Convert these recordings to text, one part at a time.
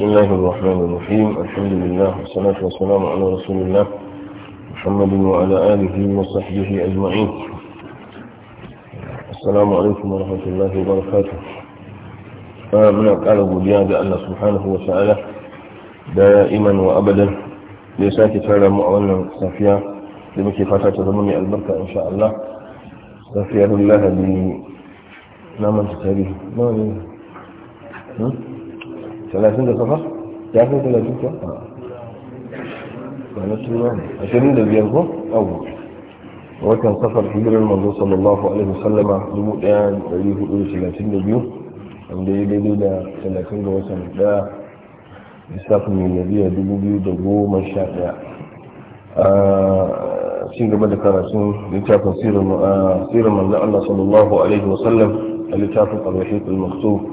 بسم الله الرحمن الرحيم الحمد لله والصلاة والسلام على رسول الله محمد وعلى آله وصحبه أجمعين السلام عليكم ورحمة الله وبركاته فمن قال بوديان الله سبحانه وتعالى دائما وأبدا ليس كتابا مؤمنا صافيا لمكي فاتات تضمني البركة إن شاء الله صافيا لله بي نعم تتابعه ما ثلاثين ده صفر تعرفوا ثلاثين آه. صفر عشرين ده بيرجو أول وكان صفر كبير المنظور صلى الله عليه وسلم دمو الآن وإليه قول ثلاثين ده بيو أم إيه ده يدي ده ثلاثين ده وسلم ده lissafin من dubu biyu بيو ده sha آه، آه، من شاء ده gaba da karatun littafin sirin manzan Allah sallallahu صلى الله عليه وسلم al-rahiq al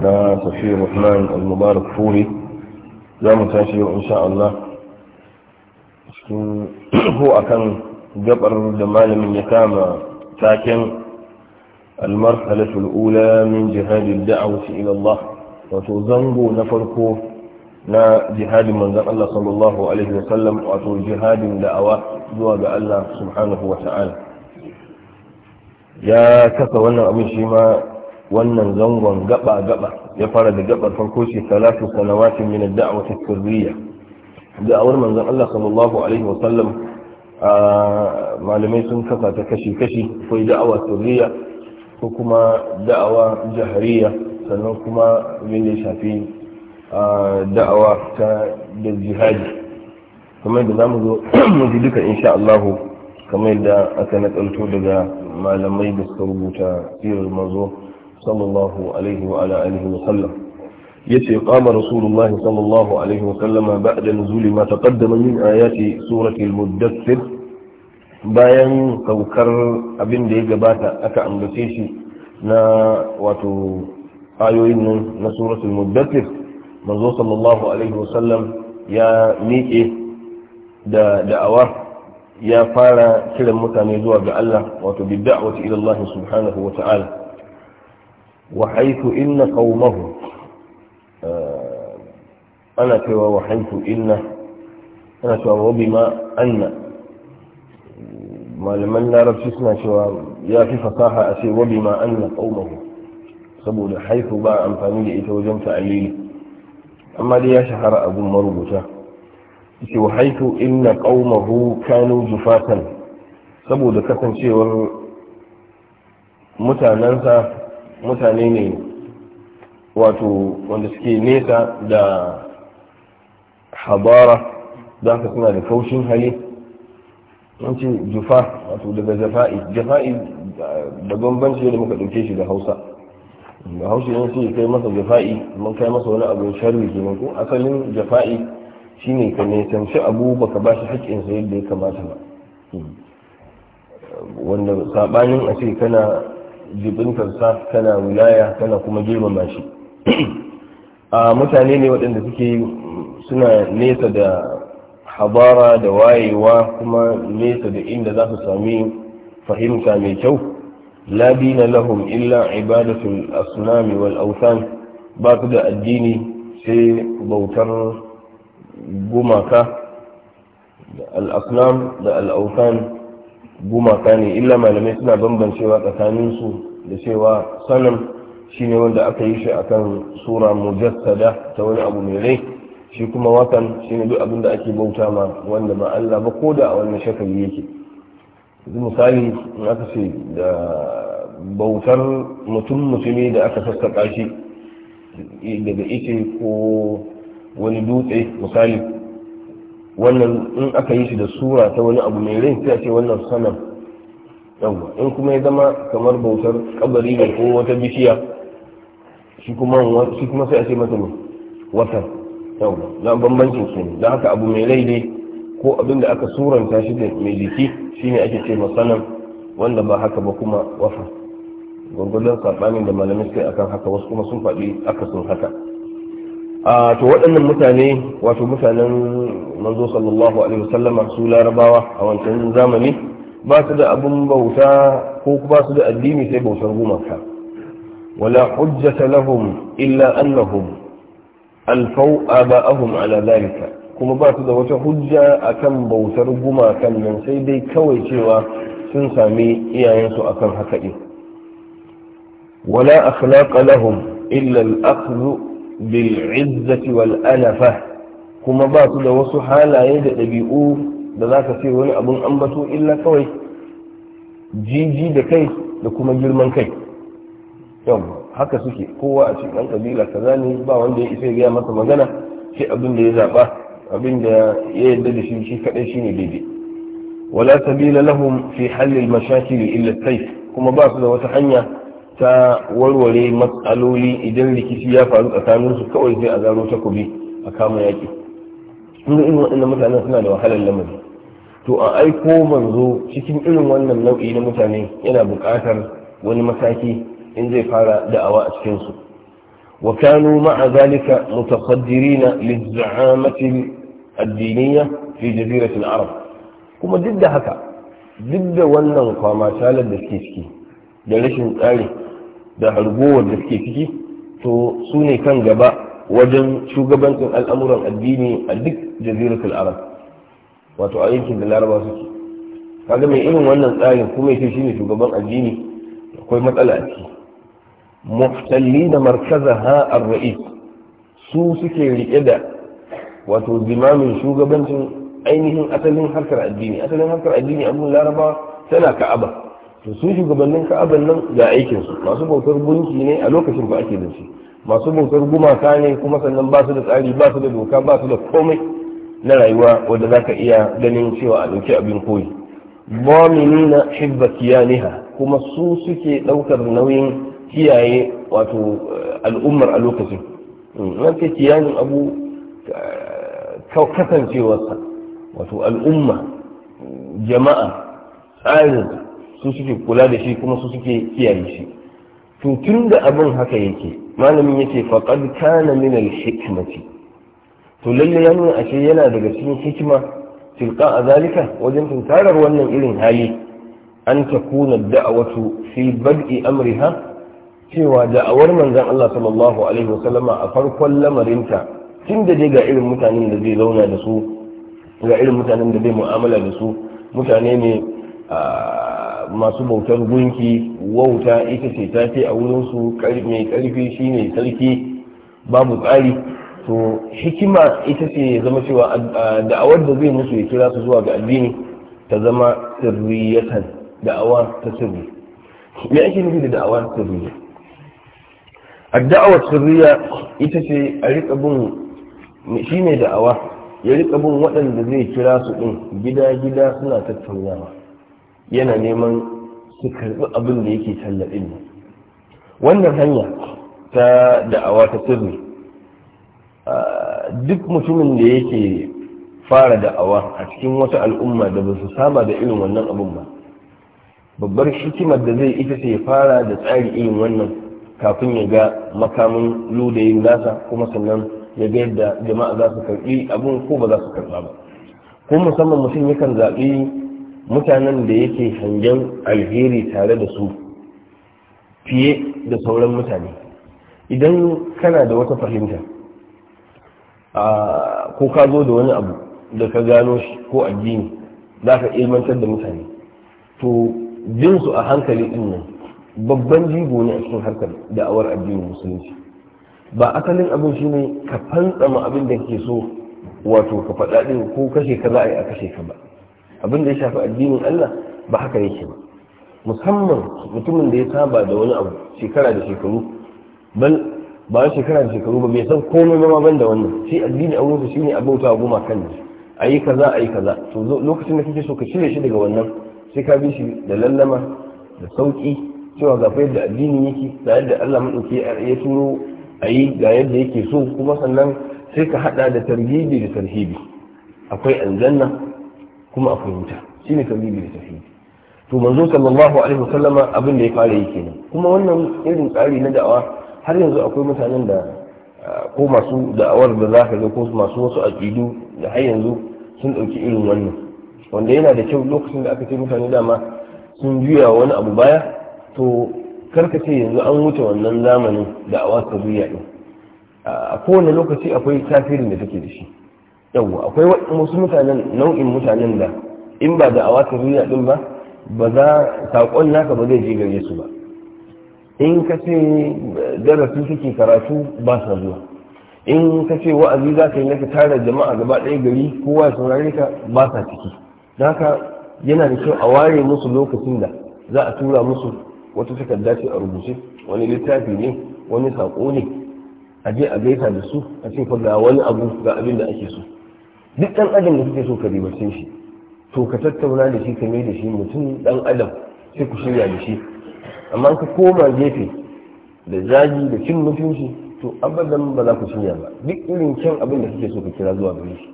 na tafi rahman al-mubarak furi za mu tashi yau insha Allah cikin ko akan gabar da malamin ya kama taken al-marhalat al-ula min jihad ila Allah wato zango na farko na jihadin manzon Allah sallallahu alaihi wa sallam wato jihadin da'awa zuwa ga Allah subhanahu wa ta'ala ya kafa wannan abin shi ma wannan zangon gaba gaba ya fara da gabar farko shi salatu salawatin min ad ta sirriya da'awar manzon Allah sallallahu alaihi wa sallam malamai sun kasa ta kashi kashi akwai da'awa sirriya ko kuma da'awa jahariya sannan kuma abin da shafi da'awa ta da jihadi kamar da za mu zo mu ji duka insha Allah kamar yadda aka nakalto daga malamai da suka rubuta sirar mazo sallallahu alaihi wa ala alihi wa sallam yace qama rasulullah sallallahu alaihi wa sallam ba'da nuzuli ma taqaddama min ayati surati al-muddathir bayan saukar abin da ya gabata aka ambace shi na wato ayoyin nan na suratul muddathir manzo sallallahu alaihi wa sallam ya miƙe da da'awa ya fara kiran mutane zuwa ga Allah wato bi da'wati ila Allah subhanahu wa ta'ala وحيث إن قومه آه، أنا كوا وحيث إن أنا كوا وبما أن ما لم نرى رب شسنا شوا يا في فصاحة أسي وبما أن قومه سبول حيث باع أنفاني لإيته وجم تأليل أما لي يا شهر أبو مربوشة أسي وحيث إن قومه كانوا جفاة سبول كتن شوا متى ننسى mutane ne wato wanda suke nesa da habara za ka suna da kaushin hali ce jufa wato daga jafa'i jafa'i da bambanci da muka ɗauke shi da hausa da hausa yin su kai masa jafa'i mun kai masa wani abin sharri kenan ko asalin jafa'i shine ka nesanci abu baka ba shi sa yadda ya kamata ba wanda saɓanin a ce kana jibintarsa tana wilaya tana kuma girmama shi a mutane ne waɗanda suke suna nesa da habara da wayewa kuma nesa da inda za su sami fahimta mai kyau labi na lahum illa ibadatul asunami wal autan ba su da addini sai bautar gumaka da al-asnam da al autan gumaka ne illa malamai suna bambancewa tsakaninsu da cewa sanan shine wanda aka yi shi akan sura mujassada ta wani abu mai rai shi kuma wakan shine duk abin da ake bauta ma wanda ba Allah ba ko da a wannan shakali yake yanzu misali in aka ce da bautar mutum mutumi da aka sassaƙa shi daga ice ko wani dutse misali wannan in aka yi shi da sura ta wani abu mai rai sai a ce wannan sanar yawon in kuma ya zama kamar bautar kabari ne ko wata bishiya shi kuma sai a ce mata ne watan yawon na bambancin su ne da haka abu mai rai ne ko abin da aka suranta shi da mai jiki ne ake ce sanam wanda ba haka ba kuma wafa gwargwadon saɓanin da malamai sai akan haka wasu kuma sun faɗi aka sun haka a to waɗannan mutane wato mutanen manzo sallallahu alaihi wasallama su larabawa a wancan zamani ba su da abin bauta ko ba su da addini sai bautar gumaka wala hujjata lahum illa annahum alfau aba'ahum ala dalika kuma ba su da wata hujja akan bautar gumakan nan sai dai kawai cewa sun sami iyayensu akan haka din wala akhlaqa lahum illa al-akhdhu bil'izzati wal alafa kuma ba su da wasu halaye da ɗabi'u da za ka ce wani abun ambato illa kawai jiji da kai da kuma girman kai yau haka suke kowa a cikin ɗan ƙabila kaza ne ba wanda ya isa ya gaya masa magana shi abin da ya zaɓa abin da ya yarda da shi shi kaɗai daidai wala sabila lahum fi halil mashakili illa sayf kuma ba su da wata hanya ta warware matsaloli idan rikici ya faru tsakanin su kawai sai a zaro takobi a kama yaƙi inda irin waɗannan mutanen suna da wahalar lamari to a aiko manzo cikin irin wannan nau'i na mutane yana buƙatar wani mataki in zai fara da'awa a cikin su wa kanu ma'a zalika mutaqaddirina lizza'amati addiniya fi jaziratil arab kuma duk da haka duk da wannan kwama da suke ciki da rashin tsari da hargowar da suke ciki to su ne kan gaba wajen shugabancin al'amuran addini a duk jaziratul arab wato a yankin da laraba suke kaga mai irin wannan tsarin kuma ya shine shugaban addini akwai matsala a ciki muftalli da markaza ha ar su suke rike da wato zimamin shugabancin ainihin asalin harkar addini asalin harkar addini abun laraba tana ka'aba to shugabannin ka'aban nan ga aikinsu masu bautar gunki ne a lokacin ba ake da masu bautar gumaka ne kuma sannan ba su da tsari ba su da doka ba su da komai na rayuwa wanda za ka iya ganin cewa a ɗauki abin koyi bomini na hibba kiyaniha kuma su suke ɗaukar nauyin kiyaye wato eh, al'ummar a lokacin mm, nan kiyanin abu eh, kasancewarsa wato al'umma jama'a tsarin su suke kula da shi kuma su suke kiyaye shi to tun da abin haka yake malamin yace faqad kana min al-hikmati to lalle ya nuna ashe yana daga cikin hikima tilqa a zalika wajen tunkarar wannan irin hali an takuna da'awatu fi bad'i amriha cewa da'awar manzon Allah sallallahu alaihi wasallama a farkon lamarinta tun da dai ga irin mutanen da zai zauna da su ga irin mutanen da zai mu'amala da su mutane ne ah, masu bautar gunki wauta ita ce ta fi a wurinsu mai karfi ne sarki babu tsari to hikima ita ce ya zama cewa da'awar da zai musu ya kira su zuwa ga addini ta zama sirriyatan da'awa ta sirri me ake nufi da da'awa ta sirriya addawa sirriya ita ce a rika bin ne da'awa ya rika bin waɗanda zai kira su din gida gida suna tattaunawa yana neman su karɓi abin da yake tallaɗi ne wannan hanya ta da'awa ta sirri duk mutumin da yake fara da'awa a cikin wata al'umma da ba su saba da irin wannan abin ba babbar hikimar da zai ita ce fara da tsari irin wannan kafin ya ga makamin ludayin nasa kuma sannan ya ga yadda jama'a za su karɓi abin ko ba za su karɓa ba ko musamman mutum yakan zaɓi mutanen da yake hangen alheri tare da su fiye da sauran mutane idan kana da wata fahimta ko ka zo da wani abu da ka gano shi ko addini za ka ilmantar da mutane to bin su a hankali din nan babban jigo ne a cikin harkar da'awar addinin musulunci ba asalin abin shi ne ka fantsama abin da ke so wato ka faɗaɗi ko kashe ka za a yi a kashe ka ba abin da ya shafi addinin Allah ba haka yake ba musamman mutumin da ya saba da wani abu shekara da shekaru bal ba shekara da shekaru ba bai san komai ba ban da wannan shi addini a su shine abauta wa goma kan ne ayi kaza ayi kaza to lokacin da kake so ka cire shi daga wannan sai ka bi shi da lallama da sauki cewa ga yadda addini yake ga yadda Allah madauki ya turo ayi ga yadda yake so kuma sannan sai ka haɗa da tarhibi da tarhibi akwai aljanna kuma a akwai shi ne tauhidi da tafiye to manzo sallallahu alaihi sallama abin da ya fara yi kenan kuma wannan irin tsari na da'awa har yanzu akwai mutanen da ko masu da'awar da za ka ga ko masu wasu aƙidu da har yanzu sun ɗauki irin wannan wanda yana da kyau lokacin da aka ce mutane dama sun juya wani abu baya to karka ce yanzu an wuce wannan zamanin da'awa ta juya din a kowane lokaci akwai tasirin da take da shi yawwa akwai wasu mutanen nau'in mutanen da in ba da awatar riya din ba ba za saƙon naka ba zai je gare su ba in ka ce darasi suke karatu ba sa zuwa in ka ce wa'azi za ka yi naka tara jama'a gaba ɗaya gari kowa saurare ka ba sa ciki don haka yana da kyau a ware musu lokacin da za a tura musu wata takarda ce a rubuce wani littafi ne wani saƙo ne a je a gaita da su a ce fa ga wani abu ga abin da ake so duk ɗan adam da kake so ka ribace shi to ka tattauna da shi ka mai da shi mutum ɗan adam sai ku shirya da shi amma ka koma gefe da zagi da cin mutunci to abadan ba za ku shirya ba duk irin kyan abin da kake so ka kira zuwa gare shi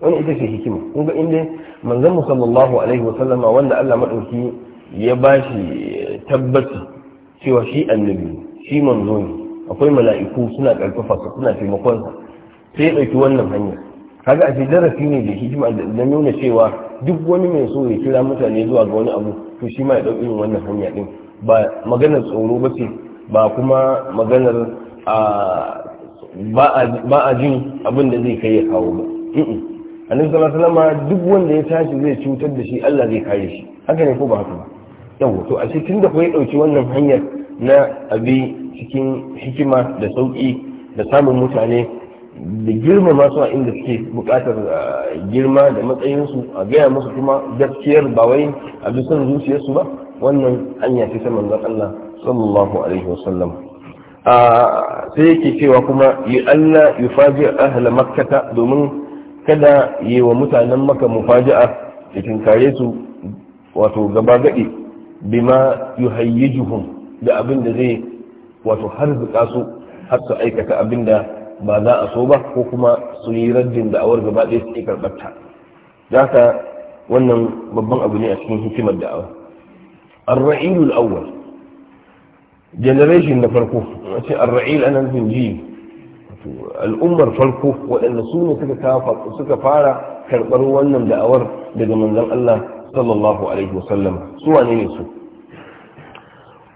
wani ita ce hikima kun ga inda manzon mu alaihi wa sallama wanda Allah madauki ya bashi tabbaci cewa shi annabi shi manzo ne akwai mala'iku suna karfafa suna taimakon sa sai ya dauki wannan hanyar kaga a darasi ne da hikima da nuna cewa duk wani mai so ya kira mutane zuwa ga wani abu to shi ma ya dauki irin wannan hanya din ba maganar tsoro ba ce ba kuma maganar ba a jin abin da zai kai ya kawo ba annabi sallallahu alaihi duk wanda ya tashi zai cutar da shi Allah zai kare shi haka ne ko ba haka ba yau to a cikin da kuwa ya ɗauki wannan hanyar na abi cikin hikima da sauki da samun mutane da girmama su a inda suke bukatar girma da matsayinsu a gaya musu kuma gaskiyar ba wai a bisan zuciyarsu ba wannan an yafi ta manzon Allah sallallahu alaihi wasallam sai yake cewa kuma yi Allah yufaji ahla makkata domin kada yi wa mutanen maka mufaji'a cikin kare su wato gaba gadi bima yuhayyijuhum da abin da zai wato harzuka su har su aikata abin da ba za a so ba ko kuma su yi raddin da'awar gaba ɗaya su karɓar ta za ka wannan babban abu ne a cikin hikimar da'awa ar-ra'ilul awwal generation na farko ce ar-ra'il ana nufin ji al'ummar farko waɗanda su ne suka fara karɓar wannan da'awar daga manzon Allah sallallahu alaihi wasallam su wane ne su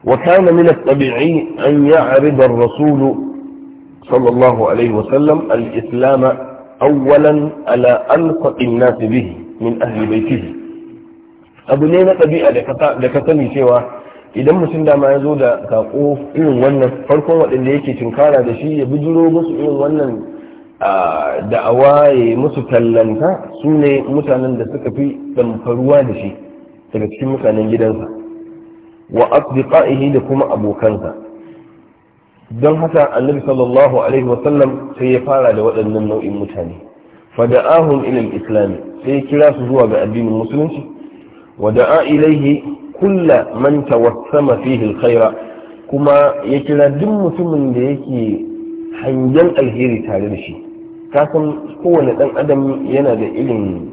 وكان من الطبيعي أن يعرض الرسول صلى الله عليه وسلم الإسلام أولا على أنفق الناس به من أهل بيته abu ne na ɗabi'a da ka sani cewa idan mutum dama ya zo da kako irin wannan farkon waɗanda yake cinkara da shi ya bijiro musu irin wannan da'awa ya musu tallanta su ne mutanen da suka fi ɗamfaruwa da shi daga cikin mutanen gidansa wa asdiqaihi da kuma abokansa don haka annabi sallallahu alaihi wasallam sai ya fara da waɗannan nau'in mutane fada'ahum ila al-islam sai ya kira su zuwa ga addinin musulunci wa da'a ilaihi kulla man tawassama fihi al kuma ya kira duk mutumin da yake hangen alheri tare da shi kasan kowane dan adam yana da irin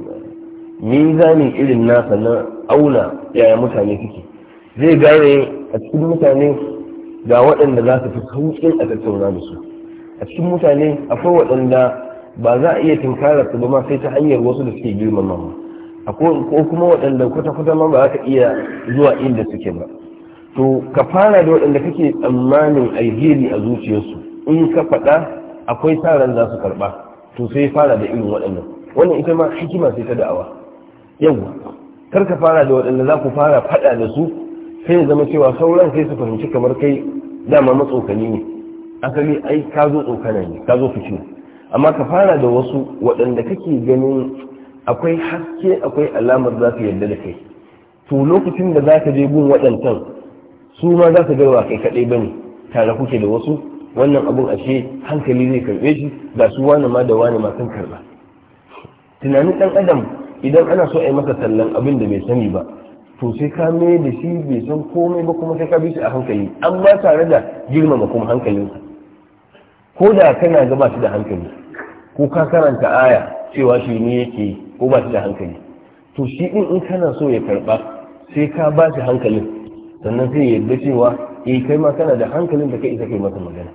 mizanin irin nasa na auna yaya mutane suke zai gane a cikin mutane ga waɗanda za su fi sauƙin a tattauna da su a cikin mutane akwai waɗanda ba za a iya tunkarar su ba ma sai ta hanyar wasu da suke girmama ma ko kuma waɗanda kwata-kwata ma ba za ka iya zuwa inda suke ba to ka fara da waɗanda kake tsammanin alheri a zuciyarsu in ka faɗa akwai tsaron za su karɓa to sai fara da irin waɗannan wannan ita ma hikima sai ta da'awa yawa kar ka fara da waɗanda za ku fara faɗa da su sai ya zama cewa sauran sai su fahimci kamar kai dama matsokani ne asali ai ka zo tsokana ne ka zo fice amma ka fara da wasu waɗanda kake ganin akwai haske akwai alamar za su yarda da kai to lokacin da za ka je gun waɗancan su ma za su garwa kai kaɗai ba ne tare kuke da wasu wannan abun ashe hankali zai karɓe shi ga su wani ma da wani ma sun karɓa tunanin ɗan adam idan ana so a yi masa sallan abin da bai sani ba to sai ka mai da shi bai san komai ba kuma sai ka bi shi a hankali amma tare da girmama kuma hankalinsa ko da kana ga ba shi da hankali ko ka karanta aya cewa shi ne yake ko ba shi da hankali to shi din in kana so ya karba sai ka ba shi hankalin sannan sai ya yarda cewa eh kai ma kana da hankalin da kai isa kai masa magana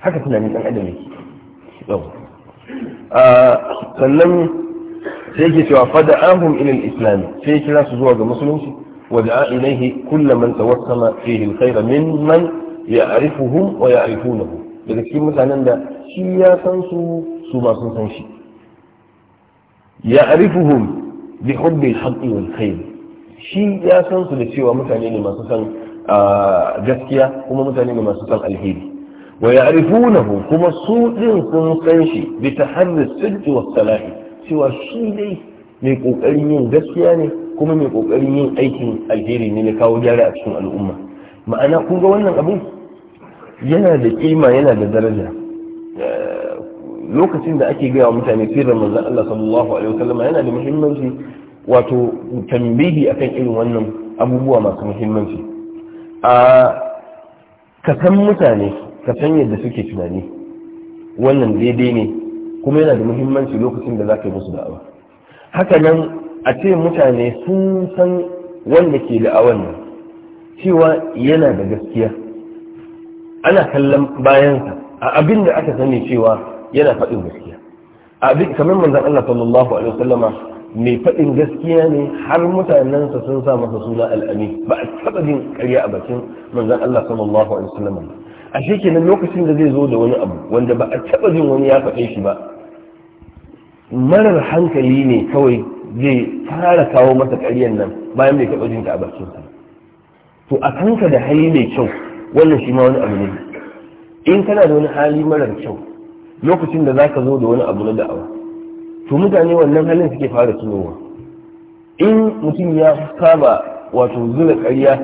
haka tunanin dan adam yake ah, sannan sai ke cewa fada ahum ilil al sai ya kira su zuwa ga musulunci wa da'a ilayhi kullu man tawassala fihi al-khayra mimman ya'rifuhum wa ya ya'rifunahu daga cikin mutanen da shi ya san su su ma sun san shi ya'rifuhum bi hubbi al-haqqi wal khayr shi ya san su da cewa mutane ne masu san gaskiya kuma mutane ne masu san alheri wa ya'rifunahu kuma su din sun san shi bi taharris sidqi was salahi cewa shi dai mai kokarin yin gaskiya ne kuma mai kokarin yin aikin alheri ne na kawo gyara a cikin al'umma ma'ana kun ga wannan abin yana da kima yana da daraja eh, lokacin da ake gaya wa mutane sirrin manzon Allah sallallahu alaihi wasallam yana da muhimmanci wato tambihi akan irin wannan abubuwa masu muhimmanci a ka mutane ka yadda suke tunani wannan daidai ne kuma yana da muhimmanci lokacin da za ka yi musu da'awa haka nan a ce mutane sun san wanda ke da'awan nan cewa yana da gaskiya ana kallon bayansa a abin da aka sani cewa yana faɗin gaskiya kamar manzon Allah sallallahu alaihi wasallama mai faɗin gaskiya ne har mutanensa sun sa masa suna al'ami ba a taɓa jin ƙarya a bakin manzan Allah sallallahu alaihi wasallama a shekenan lokacin da zai zo da wani abu wanda ba a taba jin wani ya faɗe shi ba marar hankali ne kawai zai fara kawo masa ƙaryar nan bayan bai taɓa jin ta a bakinsa to a kanka da hali mai kyau wannan shi ma wani abu ne in kana da wani hali marar kyau lokacin da zaka zo da wani abu na da'awa to mutane wannan halin suke fara tunowa in mutum ya saba wato zura ƙarya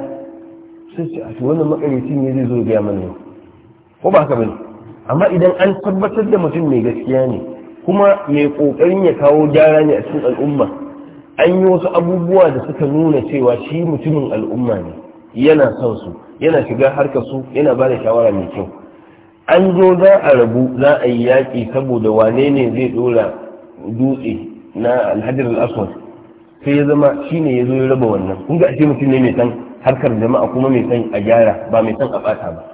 sai ce a wannan makarici ne zai zo gaya mana yau ko ba haka bane amma idan an tabbatar da mutum mai gaskiya ne kuma mai kokarin ya kawo gyara ne a cikin al'umma an yi wasu abubuwa da suka nuna cewa shi mutumin al'umma ne yana son su yana shiga harkar su yana ba da shawara mai kyau an zo za a rabu za a yi yaƙi saboda wane ne zai dora dutse na alhajar al'aswad sai ya zama shi ne ya zo ya raba wannan kun ga ashe mutum ne mai san harkar jama'a kuma mai san a gyara ba mai san a ɓata ba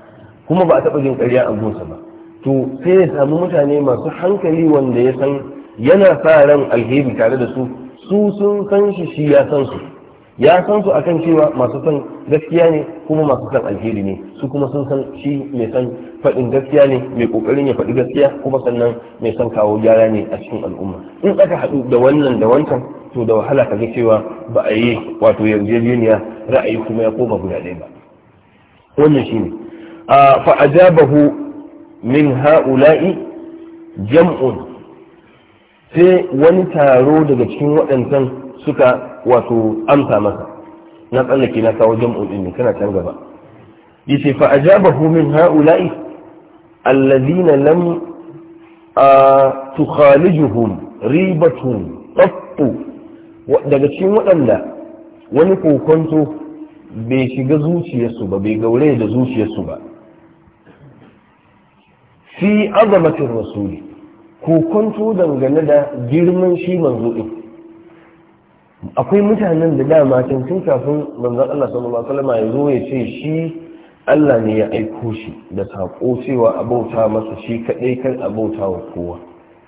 kuma ba a taɓa jin ƙarya a gunsa ba to sai ya samu mutane masu hankali wanda ya san yana sa ran alheri tare da su su sun san shi shi ya san su ya san su akan cewa masu san gaskiya ne kuma masu san alheri ne su kuma sun san shi mai san faɗin gaskiya ne mai ƙoƙarin ya faɗi gaskiya kuma sannan mai san kawo gyara ne a cikin al'umma in aka haɗu da wannan da wancan to da wahala ka ga cewa ba a yi wato yarjejeniya ra'ayi kuma ya koma guda ɗaya ba wannan shine fa ajabahu min ha'ula'i jam'un sai wani taro daga cikin waɗancan suka wato amsa masa na tsallake na kawo jam'un din ne kana can gaba yace fa ajabahu min ha'ula'i alladhina lam tukhalijuhum ribatun qattu daga cikin waɗanda wani kokonto bai shiga zuciyarsu ba bai gaure da zuciyarsu ba fi azamatin rasuli kokonto dangane da girman shi manzo din akwai mutanen da dama tun tun kafin manzon Allah sallallahu alaihi wasallam ya zo ya ce shi Allah ne ya aiko shi da sako cewa abauta masa shi kadai kan abauta wa kowa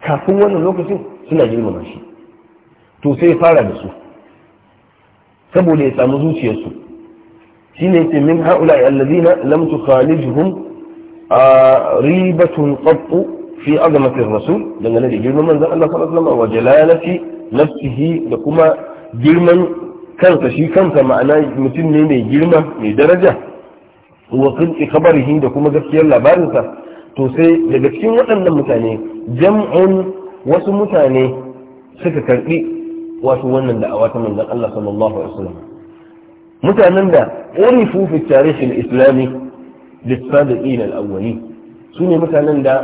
kafin wannan lokacin suna girmama shi to sai fara da su saboda ya samu zuciyarsu shine ce min haula allazina lam tukhalijhum ribatun qattu fi azamatir rasul dangane da girman manzon Allah sallallahu alaihi wasallam wa jalalati da kuma girman kansa shi kansa ma'ana mutum ne mai girma mai daraja wa sidqi khabarihi da kuma gaskiyar labarinsa to sai daga cikin waɗannan mutane jam'un wasu mutane suka karbi wasu wannan da'awa ta manzon Allah sallallahu alaihi wasallam mutanen da urifu fi tarihi islami lissabiqin al-awwali su ne mutanen da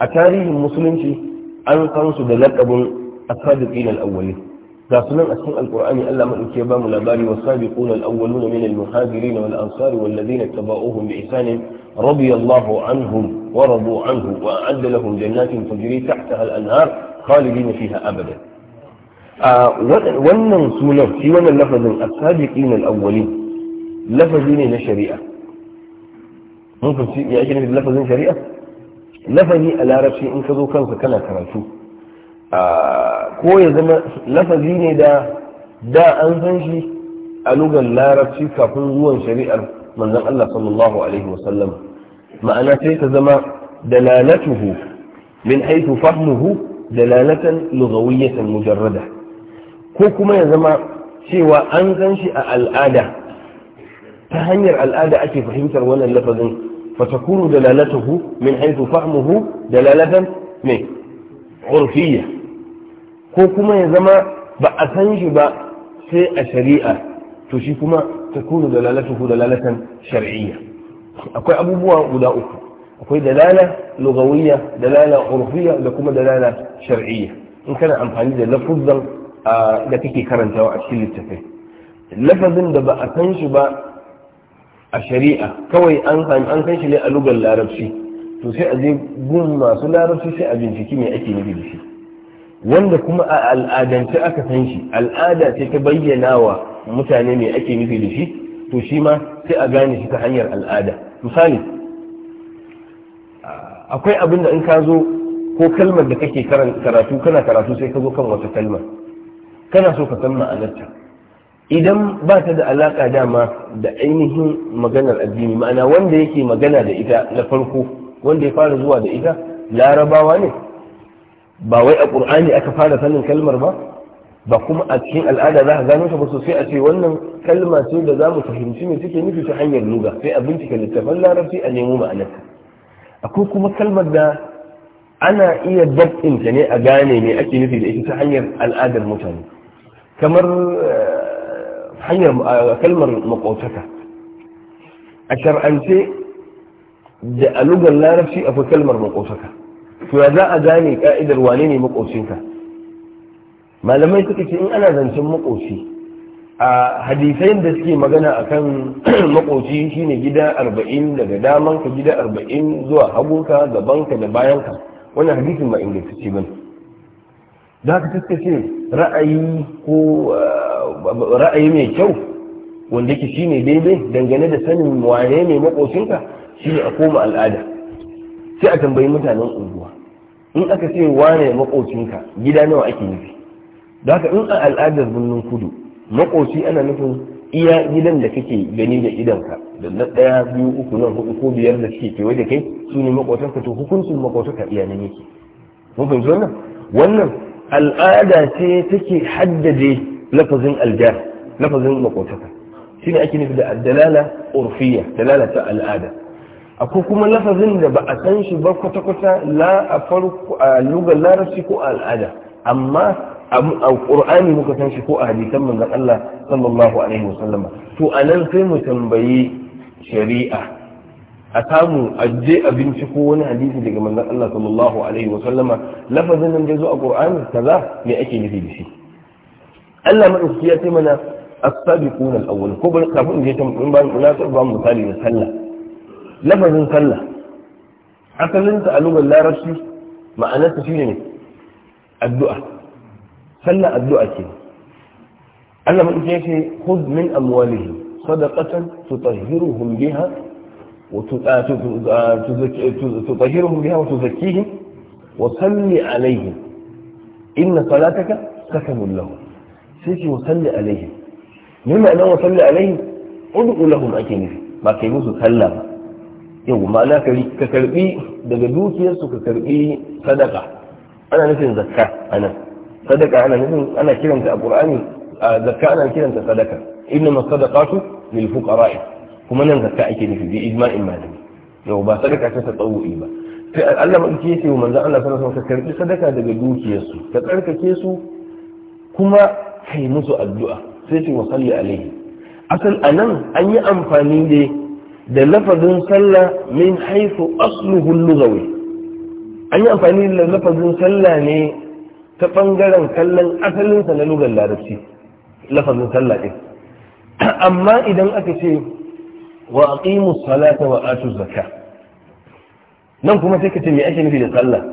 a tarihin musulunci an san da laqabin as-sabiqin al ga sunan a cikin alqur'ani Allah madauke ba mu labari was-sabiqun al-awwalun min al-muhajirin wal ansar wal ladina tabauhum bi ihsan radiyallahu anhum wa radu anhu wa a'adda lahum jannatin tajri tahtaha al-anhar khalidin fiha abada wannan sunan shi wannan lafazin as-sabiqin al lafazi ne na shari'a mun fahimci ya ake nufi lafazin shari'a lafazi a larabci in ka zo kansa kana karatu ko ya zama lafazi ne da da an san shi a lugar larabci kafin zuwan shari'ar manzon Allah sallallahu alaihi wasallam ma'ana sai ta zama dalalatuhu min haythu fahmuhu dalalatan lughawiyatan mujarrada ko kuma ya zama cewa an san shi a al'ada ta hanyar al'ada ake fahimtar wannan lafazin fatakunu dalalatuhu min haythu fahmuhu dalalatan ne urfiyya ko kuma ya zama ba a san shi ba sai a shari'a to shi kuma takunu dalalatuhu dalalatan shar'iyya akwai abubuwa guda uku akwai dalala lugawiyya dalala urfiyya da kuma dalala shar'iyya in kana amfani da lafuzzan ah, da kake karantawa a cikin littafai lafazin da ba a san shi ba a shari'a kawai an san shi ne a lugar larabci to sai a je gun masu larabci sai a binciki mai ake nufi da shi wanda kuma a al'adance aka san shi al'ada sai ta bayyana wa mutane mai ake nufi da shi to shi ma sai a gane shi ta hanyar al'ada misali akwai abin da in ka zo ko kalmar da kake karatu kana karatu sai ka zo kan wata kalma kana so ka san ma'anarta idan ba ta da alaƙa dama da ainihin maganar addini ma'ana wanda yake magana da ita na farko wanda ya fara zuwa da ita larabawa ne ba wai a ƙur'ani aka fara sanin kalmar ba ba kuma a cikin al'ada za ka gano ta ba sosai a ce wannan kalma ce da za mu fahimci me take nufi ta hanyar luga sai a bincika littafin larabci a nemo ma'ana akwai kuma kalmar da ana iya dabtinta ne a gane me ake nufi da ita ta hanyar al'adar mutane kamar eh, hanyar kalmar makwautaka a shar'ance da alugar larabci akwai kalmar makwautaka to ya za a gane ka'idar wane ne makwabcinka malamai suka ce in ana zancen makwauci a hadisai da suke magana a akan makwabci shine gida arba'in daga damanka gida arba'in zuwa hagunka gabanka da bayanka wannan hadisin ba ingantacce bane za ka tattace ra'ayi ko eh, ra'ayi mai kyau wanda yake shi ne daidai dangane da sanin waye ne makocinka shi ne a koma al'ada sai a tambayi mutanen unguwa in aka ce wane makocinka gida nawa ake nufi da haka in a al'adar birnin kudu makoci ana nufin iya gidan da kake gani da idanka da na ɗaya biyu uku nan hudu ko biyar da suke kewaye da kai su ne makotanka to hukuncin makotanka iya nan yake mun fahimci wannan wannan al'ada ce take haddade lafazin aljar lafazin makotaka shi ne ake nufi da dalala urfiya dalala ta al'ada akwai kuma lafazin da ba a san shi ba kwata-kwata la a farko a lugar larabci ko al'ada amma a ƙur'ani muka san shi ko a hadisan manzon Allah sallallahu alaihi Wasallama? to anan sai mu tambayi shari'a a samu aje abinci ko wani hadisi daga manzon Allah sallallahu alaihi wa sallama lafazin nan da zo a Qur'ani kaza me ake nufi da shi Allah madaukaki ya ce mana as-sabiqun al-awwal ko bari kafin je tun ba na so ba misali da sallah lafazin sallah asalin ta alugal larabci ma'anar ta shine addu'a sallah addu'a ce Allah madaukaki ya ce khudh min amwalihim sadaqatan tutahhiruhum biha وتطهرهم بها وتزكيهم وصل عليهم إن صلاتك سكن لهم سيتي وصل عليهم مما أنه وصل عليهم ادعو لهم أكيني ما كيبوسوا صلى yau ma'ana ka karbi daga dukiyarsu ka karbi sadaka ana nufin zakka ana sadaka ana kiranta a qur'ani zakka ana kiranta sadaka inna sadaqatu lil fuqara'i kuma nan zakka ake nufi bi ijma'in malami yau ba sadaka ta tsawu'i ba sai Allah mun ke ce manzo Allah sallallahu alaihi wasallam ka sadaka daga dukiyarsu ka tsarkake su kuma kai musu addu'a sai ce wasalli alaihi asal anan an yi amfani da da lafazin sallah min haythu asluhu lughawi an yi amfani da lafazin sallah ne ta bangaren kallon asalinsa na lugar larabci lafazin sallah ɗin amma idan aka ce وأقيموا الصلاة وآتوا الزكاة نم كما تيكا تمي أجي نبي لصلاة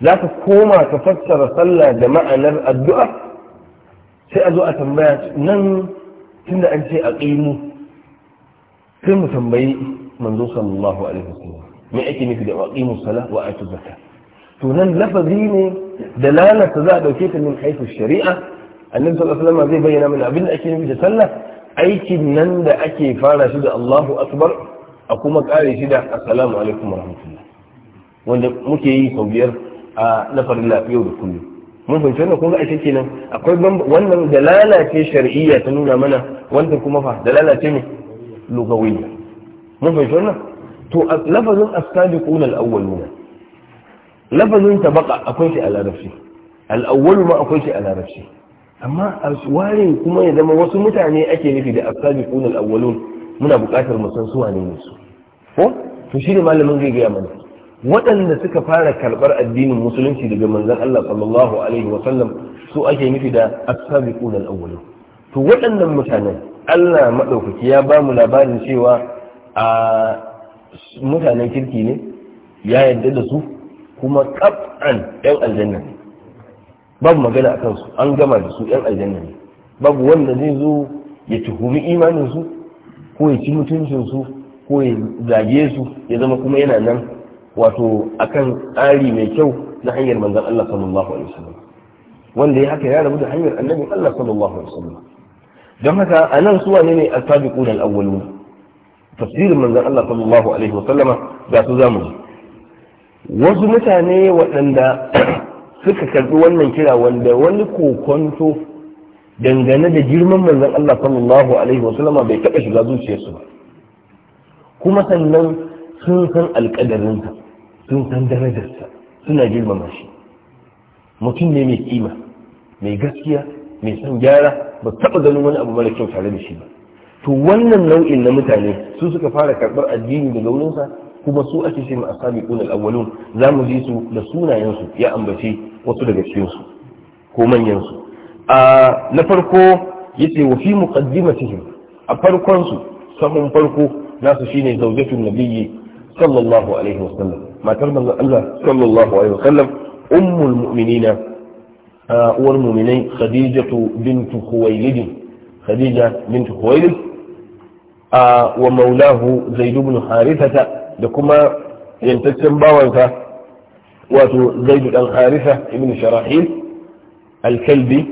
لا تكوما تفسر صلاة جماعة الدعاء سأزوا أتمات نم تم أجي أقيموا كم تنبي منذ صلى الله عليه وسلم مي أجي نبي وأقيموا الصلاة وآتوا الزكاة تنم لفظيني دلالة تزاد وكيفة من حيث الشريعة النبي صلى الله عليه وسلم زي بينا من أبن أكيد نبي لصلاة aikin nan da ake fara shi da Allahu akbar a kuma kare shi da assalamu alaikum warahmatullah wanda muke yi sau biyar a nafarin yau da kullum mun fahimci wannan kun ga ashe kenan akwai wannan da lalace shar'iyya ta nuna mana wanda kuma fa da lalace ne lugawiyya mun fahimci wannan to lafazin as-sabiqun al-awwalun lafazin tabaqa akwai shi a larabci al-awwal ma akwai shi a larabci amma alwarin kuma ya zama wasu mutane ake nufi da asabiqun alawwalun muna bukatar mu suwa su ne su ko to shi ne malamin zai gaya mana waɗanda suka fara karɓar addinin musulunci daga manzon Allah sallallahu alaihi wa sallam su ake nufi da asabiqun alawwalun to waɗannan mutanen Allah madaukaki ya ba mu labarin cewa a mutanen kirki ne ya yarda da su kuma ƙaf'an 'yan aljanna babu magana a kansu an gama da su yan aljanna ne babu wanda zai zo ya tuhumi imanin su ko ya ci mutuncin su ko ya zage su ya zama kuma yana nan wato akan tsari mai kyau na hanyar manzon Allah sallallahu alaihi wasallam wanda ya haka ya rabu da hanyar annabin Allah sallallahu alaihi wasallam don haka a nan suwa ne ne asabiqun al-awwalun tafsirin manzon Allah sallallahu alaihi wasallama ga su zamu wasu mutane waɗanda suka karbi wannan kira wanda wani kokonto dangane da girman manzon Allah sallallahu alaihi wasallama bai taɓa shiga zuciyarsu ba kuma sannan sun san alƙadarinsa sun san darajarsa suna girmama shi mutum ne mai kima mai gaskiya mai son gyara ba taɓa ganin wani abu mara kyau tare da shi ba to wannan nau'in na mutane su suka fara karɓar addini daga wurinsa kuma su ake ce ma asabi kunal awwalun za mu ji su da sunayensu ya ambace wasu daga cikinsu ko manyansu a na farko ce wa fi muqaddimatihim a farkonsu sahun farko nasu shine zawjatun nabiyyi sallallahu alaihi wasallam matar manzon Allah sallallahu alaihi wasallam ummul mu'minina uwar mu'minai khadijatu bintu khuwailid khadija bintu khuwailid wa maulahu zaid ibn harithata da kuma yantaccen bawansa wato zaidu dan harisa ibn sharahil alkalbi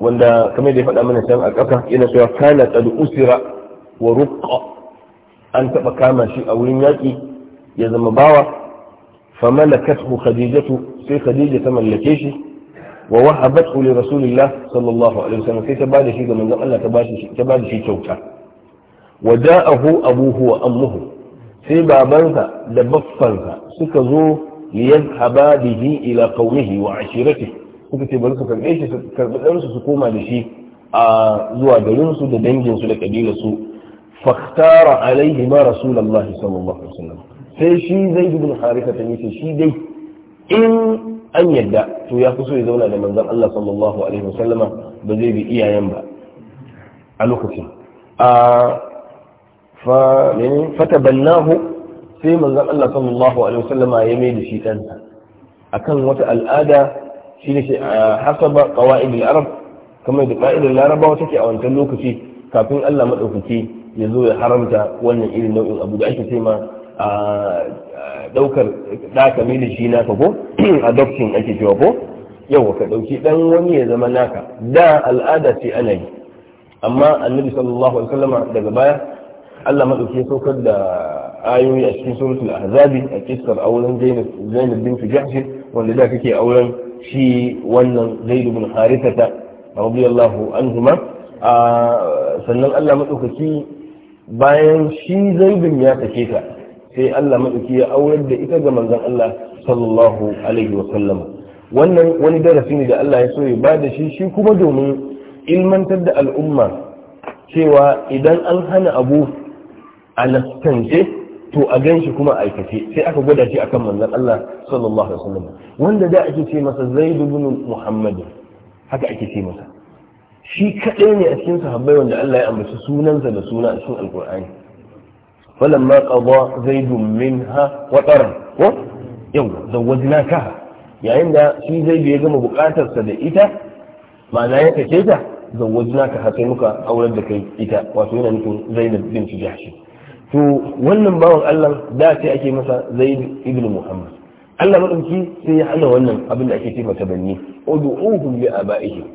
wanda kamar da ya faɗa mana can a ƙasa yana cewa kana tsadu usira wa ruqqa an taɓa kama shi a wurin yaƙi ya zama bawa famalakathu khadijatu sai khadija ta mallake shi wa wahabad, li rasulillah sallallahu alaihi wasallam sai ta bada shi ga manzon Allah ta bashi ta bada shi kyauta wa ja'ahu abuhu wa ammuhu sai babansa da baffansa suka zo liyadhhaba bihi ila qawmihi wa ashiratihi suka ce bari su karbe shi su karbi dan su koma da shi a zuwa garin su da dangin su da kabilar su fakhtara alaihi ma rasulullahi sallallahu alaihi wasallam sai shi zai ibn harisa ta yace shi dai in an yadda to ya fi so ya zauna da manzon Allah sallallahu alaihi wasallama ba zai bi iyayen ba a lokacin a fa ne fatabannahu sai manzan Allah sallallahu alaihi wasallam ya mai da shi ɗansa akan wata al'ada shi ne ba qawaid idil arab kamar da ƙa'idar larabawa take a wancan lokaci kafin Allah madaukaki ya zo ya haramta wannan irin nau'in abu da ake sai ma a ɗaukar ɗaka kame da shi naka ko adoption ake cewa ko yau ka ɗauki ɗan wani ya zama naka da al'ada ce ana yi amma annabi sallallahu alaihi wasallam daga baya Allah madauki ya saukar da ayoyi a cikin suratul ahzabi a kissar auren zainab bin jahsh wanda da kake auren shi wannan zaid bin harithata radiyallahu anhuma sannan Allah madaukaki bayan shi zaidun ya sake ta sai Allah madaukaki ya aurar da ita ga manzon Allah sallallahu alaihi wa sallam wannan wani darasi ne da Allah ya so ya bada shi shi kuma domin ilmantar da al'umma cewa idan an hana abu a lastance to a gan shi kuma aikace sai aka gwada shi akan manzon Allah sallallahu alaihi wasallam wanda da ake ce masa Zaid ibn Muhammad haka ake ce masa shi kadai ne a cikin sahabbai wanda Allah ya ambaci sunansa da suna a cikin Alkur'ani falamma qada Zaid minha wa taran wa yau zawajnaka yayin da shi Zaid ya gama bukatarsa da ita ma'ana ya kace ta zawajnaka har sai muka aurar da kai ita wato yana nufin Zainab bint Jahsh to wannan bawan Allah da sai ake masa Zaid ibn Muhammad Allah madauki sai ya hana wannan abin da ake ce masa banni ud'uhum li abaihim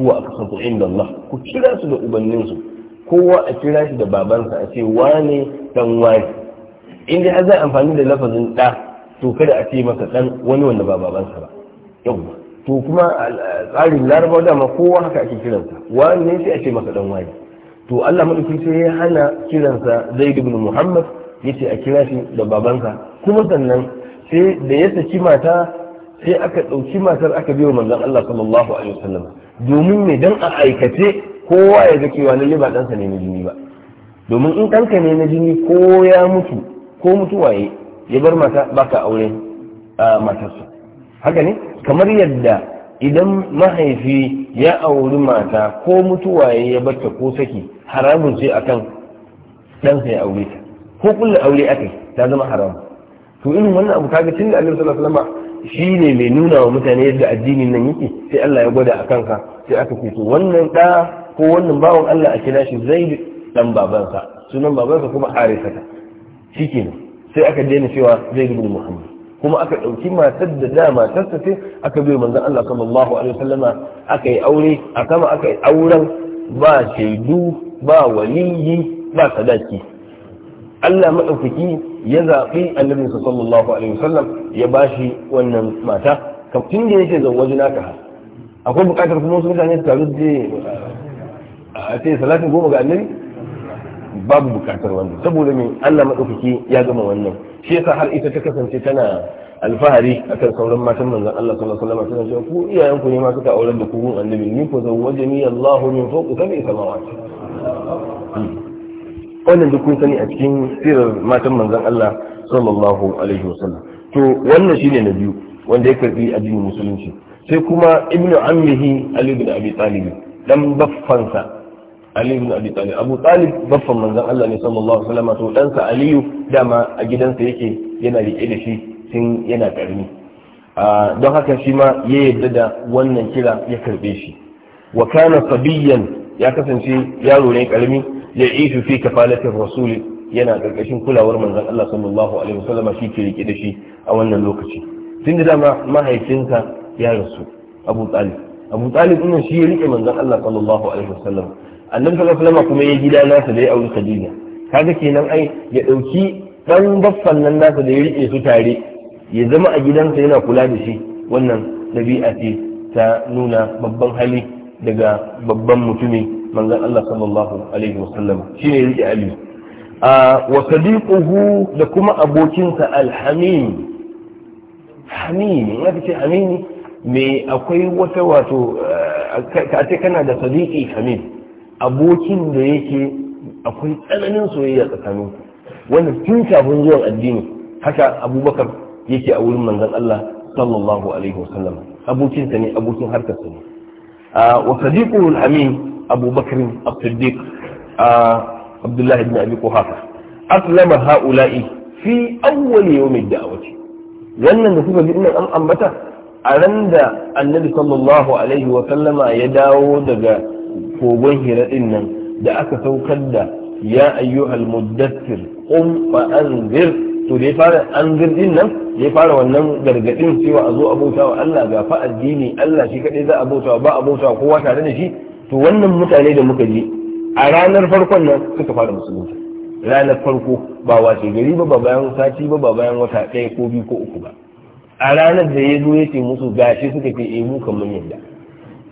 huwa aqsatu inda Allah ku kira su da ubannin su kowa a kira shi da babansa a ce wane dan wani in dai za amfani da lafazin da to kada a ce masa dan wani wanda ba babansa ba yawwa to kuma tsarin larabawa dama kowa haka ake kiransa wani ne sai a ce masa dan wani to Allah madauki sai ya hana kiransa Zaid ibn Muhammad yace a kira shi da babansa kuma sannan sai da ya saki mata sai aka ɗauki matar aka biyo manzon Allah sallallahu alaihi wasallam domin me dan a aikace kowa ya ga cewa lalle ba ɗansa ne na jini ba domin in kanka ne na jini ko ya mutu ko mutuwa ya bar mata baka aure a matarsa haka ne kamar yadda idan mahaifi ya auri mata ko mutuwa ya bata ko saki haramun ce kan ɗansa ya aure ta ko kullum aure aka ta zama haram to irin wannan abu kaga tun da annabi sallallahu alaihi wasallam ne mai nuna wa mutane yadda addinin nan yake sai Allah ya gwada a ka sai aka ce wannan da ko wannan bawon Allah a kira shi zai dan babansa sunan babansa kuma Harisa shikenan sai aka daina cewa zai bin Muhammad kuma aka ɗauki matar da da matarsa ce aka biyo manzon Allah sallallahu alaihi wasallama aka yi aure a kama aka yi auren ba shaidu ba waliyi ba sadaki Allah maɗaukaki ya zaɓi annabinsa sallallahu alaihi wasallam ya bashi wannan mata kafin da yake zawaji naka akwai buƙatar kuma wasu mutane su taru je a ce salatin goma ga annabi babu bukatar wannan saboda me Allah madaukaki ya gama wannan shi yasa har ita ta kasance tana alfahari akan sauran matan manzon Allah sallallahu alaihi wasallam tana ku iyayen ku ne ma suka aure da ku gun annabi ni ko zawwajani Allah min fawqi sab'i samawati wannan duk kun sani a cikin sirrin matan manzon Allah sallallahu alaihi wasallam to wannan shine na biyu wanda ya karbi addinin musulunci sai kuma ibnu ammihi ali bin abi talib dan baffansa Ali ibn Abi Talib Abu Talib baffan manzon Allah ne sallallahu alaihi wasallam to Aliyu dama a gidansa yake yana rike da shi tun yana karni don haka shi ma ya yarda da wannan kira ya karbe shi wa kana sabiyan ya kasance yaro ne karmi ya isu fi kafalatin rasul yana karkashin kulawar manzon Allah sallallahu alaihi wasallam shi ke rike da shi a wannan lokaci tun da dama mahaifinsa ya rasu Abu Talib Abu Talib ɗin shi ya rike manzon Allah sallallahu alaihi wasallam annabi sallallahu alaihi wasallam kuma ya gida nasa da ya auri khadija kaga kenan ai ya dauki dan baffan nan nasa da ya rike su tare ya zama a gidansa yana kula da shi wannan dabi'a ce ta nuna babban hali daga babban mutumi manzon Allah sallallahu alaihi wasallam shine rike ali a wa sadiquhu da kuma abokinsa alhamim hamim in aka ce Hamim, me akwai wata wato eh, ka ce kana da sadiqi hamim abokin da yake akwai tsananin soyayya tsakanin wanda tun kafin zuwan addini haka abubakar yake a wurin manzon Allah sallallahu alaihi wasallam abokinsa ne abokin harkarsa ne wa sadiquhu al-amin abubakar as-siddiq abdullahi ibn abi quhafa aslama haula'i fi awwal yawm ad-da'wati wannan da kuka ji dinnan an ambata a ran da annabi sallallahu alaihi wa sallama ya dawo daga kogon hira din nan da aka saukar da ya ayyuhal muddathir qum fa anzir to da ya fara anzir din nan ya fara wannan gargadin cewa a zo a wa Allah ga fa addini Allah shi kadai za a bauta ba a bauta kowa tare da shi to wannan mutane da muka je a ranar farkon nan suka fara musulunci ranar farko ba wace gari ba ba bayan sati ba ba bayan wata ɗaya ko biyu ko uku ba a ranar da ya zo ya ce musu gashi suka ce eh mu kan mun yadda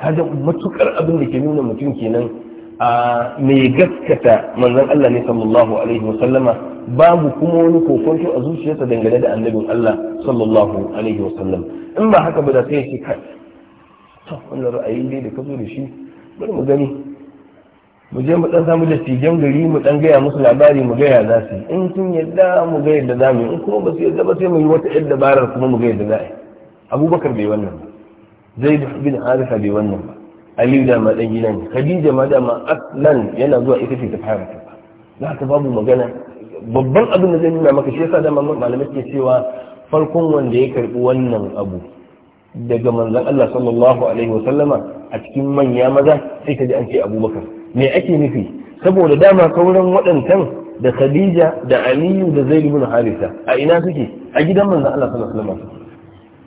kaga matukar abin da ke nuna mutum kenan a mai gaskata manzon Allah ne sallallahu alaihi wasallama babu kuma wani kokonto a zuciyarsa dangane da annabin Allah sallallahu alaihi wasallam in ba haka ba da sai shi kai to wannan ra'ayi ne da kazo da shi bari mu gani mu je mu dan samu dattijan gari mu dan gaya musu labari mu gaya za su in sun yadda mu ga yadda za mu in kuma ba su yadda ba sai mu yi wata yadda dabarar kuma mu ga yadda za a yi abubakar bai wannan ba zai bin harisa bai wannan ba aliyu da ma dan gida ne khadija ma da ma aslan yana zuwa ita ce ta fara ta za ka babu magana babban abin da zai nuna maka shi yasa da malamai ke cewa farkon wanda ya karbi wannan abu daga manzon Allah sallallahu alaihi wa sallama a cikin manya maza sai ka ji an ce Abubakar me ake nufi saboda dama kauran waɗancan da Khadija da Aliyu da Zaid bin Harisa a ina suke a gidan manzon Allah sallallahu alaihi wa sallama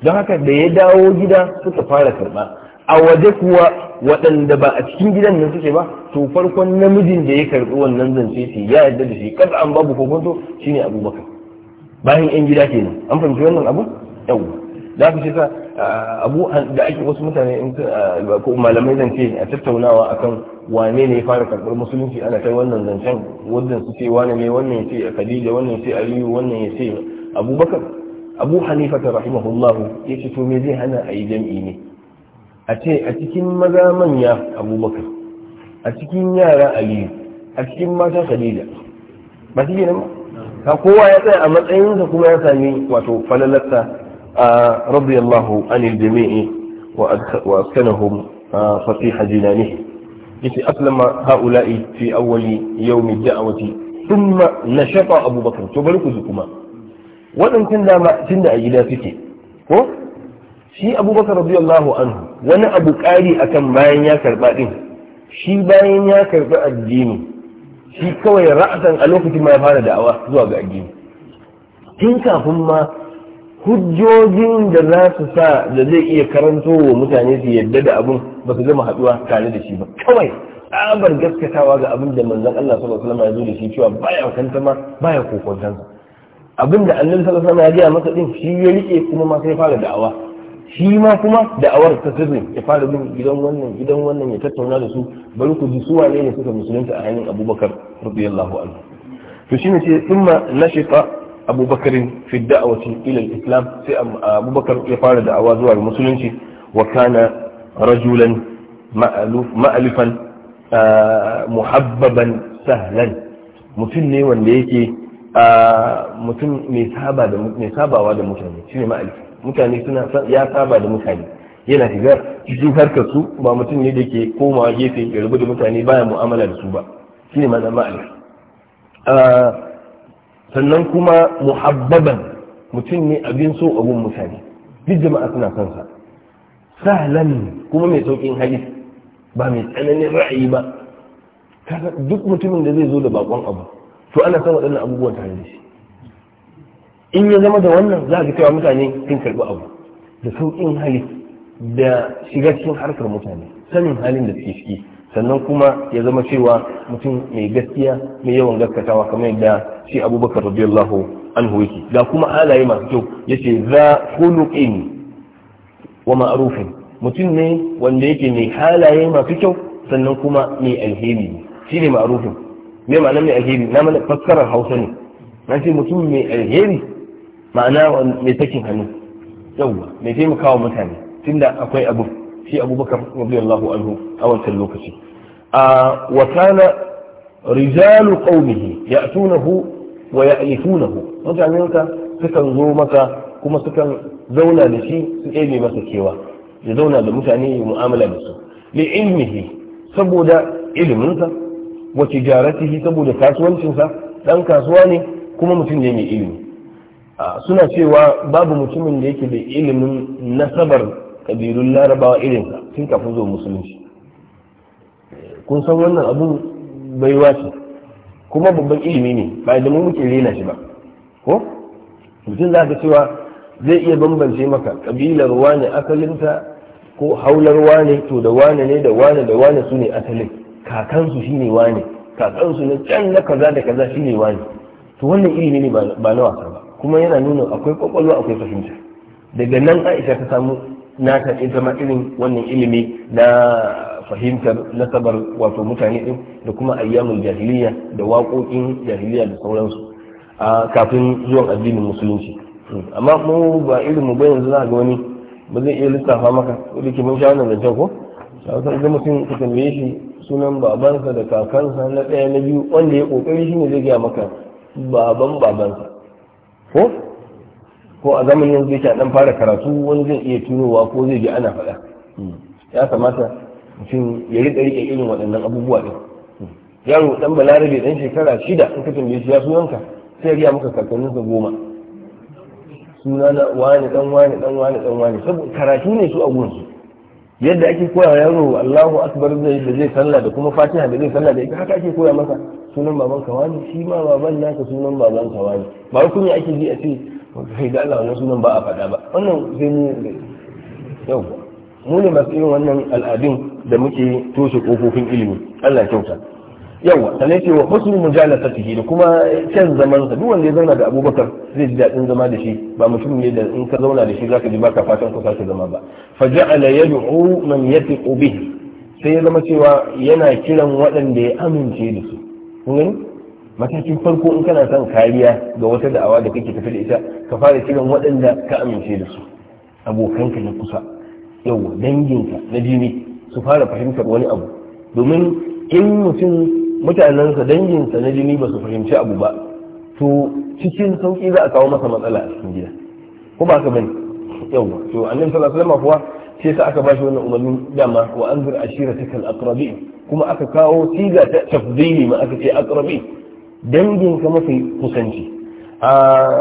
don haka da ya dawo gida suka fara karba a waje kuwa waɗanda ba a cikin gidan nan suke ba to farkon namijin da ya karbi wannan zance shi ya yarda da shi kasa an babu kokonto shine abubakar bayan yan gida kenan an fahimci wannan abu yawwa da ku ce sa abu da ake wasu mutane ko malamai zance a tattaunawa akan wane ne ya fara karɓar musulunci ana ta wannan zancen wannan su ce wane ne wannan ya ce a khadija wannan ya ce aliyu wannan ya ce abubakar abu hanifa ta rahimahullahu ya ce to me zai hana a yi jam'i ne a ce a cikin maza manya abubakar a cikin yara aliyu a cikin mata khadija ba shi ne ka kowa ya tsaya a matsayinsa kuma ya sami wato falalarsa a radiyallahu anil jami'i wa askanahum fasiha jinanihi yace aslama haula'i fi awwali yawmi da'awati thumma nashata abubakar to bari ku kuma waɗancan dama tun da a gida suke ko shi abubakar radiyallahu anhu wani abu ƙari akan bayan ya karba ɗin shi bayan ya karɓi addini shi kawai ra'atan a lokacin ma ya fara da'awa zuwa ga addini tun kafin ma hujjojin da za su sa da zai iya karanto wa mutane su yadda da abun ba su zama haɗuwa tare da shi ba kawai tsabar gaskatawa ga abin da manzon Allah sallallahu alaihi wasallam ya zo da shi cewa baya kanta ma baya kokontansa Abin annabi sallallahu alaihi wasallam ya a masa din shi ya rike kuma ma sai fara da'awa shi ma kuma da'awar ta sirri ya fara bin gidan wannan gidan wannan ya tattauna da su bari ku ji su wane ne suka musulunta a hannun abubakar radiyallahu anhu to ne ce thumma nashiqa abubakar fi da'awati ila islam sai abubakar ya fara da'awa zuwa ga musulunci wa kana rajulan ma'alifan ah, muhabbaban sahlan mutum ne wanda yake mutum mai sabawa da mutane shine ma'alifi mutane suna ya saba da mutane yana shiga cikin harkar su ba mutum ne da ke komawa gefe ya rubu da mutane baya mu'amala da su ba shine ma zama sannan kuma muhabbaban mutum ne abin so a gun mutane duk jama'a suna son sa sahlan kuma mai saukin hali ba mai tsananin ra'ayi ba duk mutumin da zai zo da bakon abu to ana son waɗannan abubuwan tare da shi in ya zama da wannan za a ga cewa mutane sun karɓi abu da sauƙin hali da shiga cikin harkar mutane sanin halin da suke ciki sannan kuma ya zama cewa mutum mai gaskiya mai yawan gaskatawa kamar yadda shi abubakar radiyallahu anhu yake ga kuma halaye masu kyau yace za khuluqin wa maarufin mutum ne wanda yake mai halaye masu kyau sannan kuma mai alheri shine maarufin. me ma'ana mai alheri na mana fassarar hausa ne na ce mutum mai alheri ma'ana mai sakin hannu yawwa mai taimakawa mutane tunda akwai abu shi abubakar radiyallahu anhu a wancan lokaci a wakana rijalu qaumihi ya'tunahu wa ya'lifunahu mutanen ka sukan zo maka kuma sukan zauna da shi su ɗebe masa kewa ya zauna da mutane ya mu'amala da su li ilmihi saboda iliminsa wa tijaratihi saboda kasuwancinsa dan kasuwa ne kuma mutum ne mai ilimi suna cewa babu mutumin da yake da ilimin nasabar kabilun larabawa irinsa tun kafin zuwa musulunci kun san wannan abun baiwa ce kuma babban ilimi ne ba da mu muke rena shi ba ko mutum za ka cewa zai iya bambance maka kabilar wane asalinta ko haular wane to da wane ne da wane da wane su ne asalin kakansu shine wane kakansu na can na kaza da kaza shine wane to wannan ilimi ne ba na wasa ba kuma yana nuna akwai kwakwalwa akwai fahimta daga nan aisha ta samu nata ita ma irin wannan ilimi na fahimtar nasabar wato mutane din da kuma ayyamin jahiliya da waƙoƙin jahiliya da sauransu a kafin zuwan addinin musulunci amma mu ba irin mu bayan zuwa za ga wani ba zai iya lissafa maka ko ke mun sha wannan zancen ko da wata ga mutum ka tambaye shi sunan babansa da kakansa na ɗaya na biyu wanda ya kokari shi ne zai gaya maka baban babansa ko ko a zamanin yanzu yake dan fara karatu wani zai iya tunowa ko zai ji ana faɗa ya kamata mutum ya riƙa riƙe irin waɗannan abubuwa ɗin yaro dan balarabe dan shekara shida in ka tambaye shi ya sunanka sai ya gaya maka kakanninsa goma suna na wani dan wani dan wani dan wani saboda karatu ne su a gunsu yadda ake koya wa yaro Allahu akbar zai da zai sallah da kuma Fatiha da zai sallah da ita haka ake koya masa sunan baban ka wani shi ma baban naka sunan baban ka wani ba ne ake ji a ce sai da Allah wannan sunan ba a fada ba wannan zai mu yau mu ne masu irin wannan al'adun da muke toshe kofofin ilimi Allah ya kyauta yawa sannan cewa wa husnul mujalasatihi da kuma kyan zaman sa duk wanda ya zauna da Abubakar zai ji daɗin zama da shi ba mutum ne da in ka zauna da shi zaka ji baka fatan ku sake zama ba fa ja'ala yad'u man yathiqu bihi sai ya zama cewa yana kiran waɗanda ya amince da su kun matakin farko in kana son kariya ga wata da'awa da kake tafi da ita ka fara kiran waɗanda ka amince da su abokanka na kusa yawa danginka na jini su fara fahimtar wani abu domin in mutum mutanensa danginsa na jini ba su fahimci abu ba to cikin sauki za a kawo masa matsala a cikin gida ko ba ka bane yawa to annabi sallallahu alaihi wasallam kuwa sai sa aka bashi wannan umarnin dama wa anzur ashiratakal aqrabi kuma aka kawo siga ta tafdili ma aka ce aqrabi dangin ka mafi kusanci A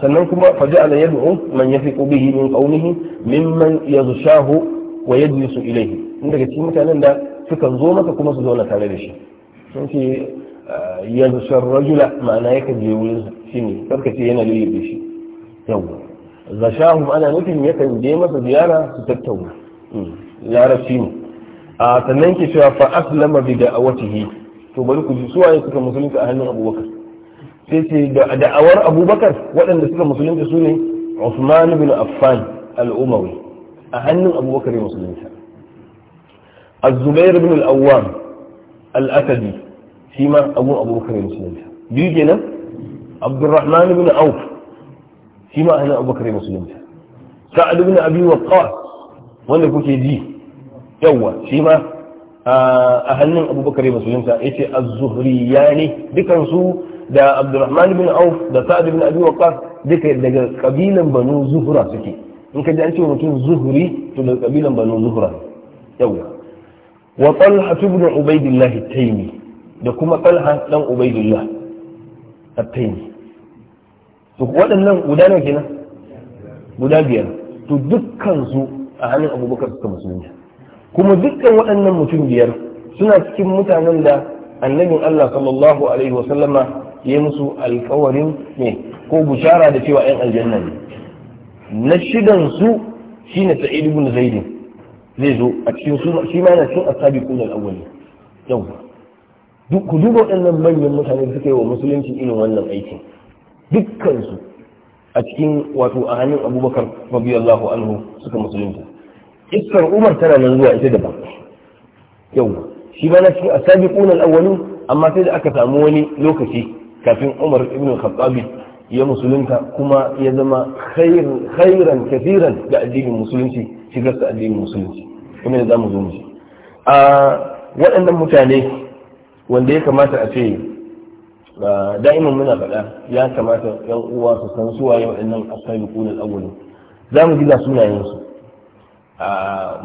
sannan kuma faja'ala yad'u man yafiqu bihi min qawmihi mimman yadhshahu wa yajlisu ilayhi daga cikin mutanen da sukan zo maka kuma su zauna tare da shi sun ce ah, ya zusar rajula ma'ana yakan je wurinsa shi ne karka ce yana da shi yawwa zashahum ana nufin yakan je masa ziyara su tattauna hmm, larabci ne a ah, sannan ke cewa fa aslama bi da'awatihi to bari ku ji suwaye suka musulunta a hannun abubakar sai ce da da'awar abubakar waɗanda suka musulunta su ne usman bin affan al-umawi a hannun abubakar ya musulunta az-zubair bin al al-asadi shi ma abu abubakar musulunta biyu kenan abdurrahman bin auf shi ma ahlin abubakar musulunta sa'ad bin abi waqqas wanda kuke ji yawa shi ma a hannun abubakar musulunta ya yace az ya ne? dukansu da abdurrahman bin auf da sa'ad bin abi waqqas duka daga kabilan banu zuhra suke in ka ji an ce mutum zuhri to daga kabilan banu zuhra yawa wa talha ibn ubaidillah at-taymi da kuma talha dan ubaidillah at-taymi to waɗannan guda nawa kenan guda biyar to dukkan su a hannun abubakar suka musulunta kuma dukkan waɗannan mutum biyar suna cikin mutanen da annabin Allah sallallahu alaihi wasallama ya musu alkawarin ne ko bushara da cewa 'yan aljanna ne na shidan su shine sa'id ibn zaidin zai zo a cikin su shi ma yana cikin asabi kunan awwali yau duk ku duba waɗannan manyan mutane da suka yi wa musulunci irin wannan aikin dukkansu a cikin wato a hannun abubakar radiyallahu anhu suka musulunta iskar umar tana nan zuwa ita daban yau shi ma na cikin asabi kunan awwali amma sai da aka samu wani lokaci kafin umar ibn khattabi ya musulunta kuma ya zama khairan kafiran ga addinin musulunci shigar su addinin musulunci kuma za mu zo mu a waɗannan mutane wanda ya kamata a ce da'iman muna faɗa ya kamata yan uwa su san su waye waɗannan ko kunal awwalin za mu gida sunayen su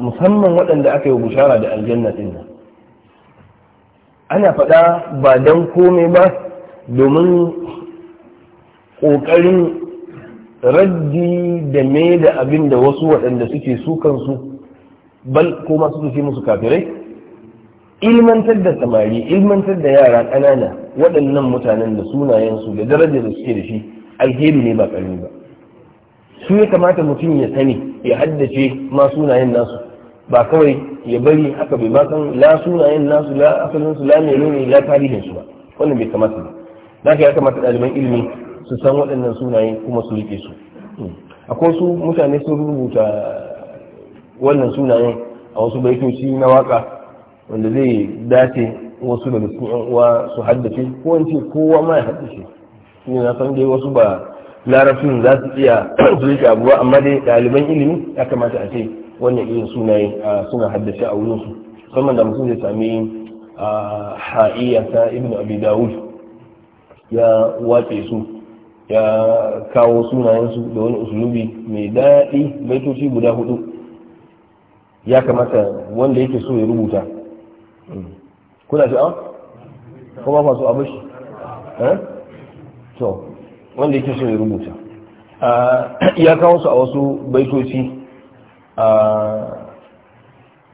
musamman waɗanda aka yi bushara da aljanna din nan ana faɗa ba dan komai ba domin ƙoƙarin raddi da me da abin da wasu waɗanda suke su kansu bal ko masu suke musu kafirai ilmantar da samari ilmantar da yara ƙanana waɗannan mutanen da sunayensu da darajar da suke da shi alheri ne ba ƙarni ba su ya kamata mutum ya sani ya haddace ma sunayen nasu ba kawai ya bari haka bai ba san la sunayen nasu la asalinsu, la menene la tarihinsu ba wannan bai kamata ba haka ya kamata ɗaliban ilimi su san waɗannan sunaye kuma su rike su akwai su mutane sun rubuta wannan sunayen a wasu baitoci na waka wanda zai dace wasu daga cikin yan uwa su haddace ko wance kowa ma ya haddace shi na san dai wasu ba larabcin za su iya su rike abu ba amma dai ɗaliban ilimi ya kamata a ce wannan irin sunaye suna haddace a wurin su musamman da mutum zai sami ha'iyyata ibnu abi dawud ya watse su ya kawo sunayensu da wani usulubi mai daɗi baitoci guda hudu ya kamata wanda yake so ya rubuta kuna shi an? kuma so a bashi eh? to wanda yake so ya rubuta ya kawo su a wasu baitoci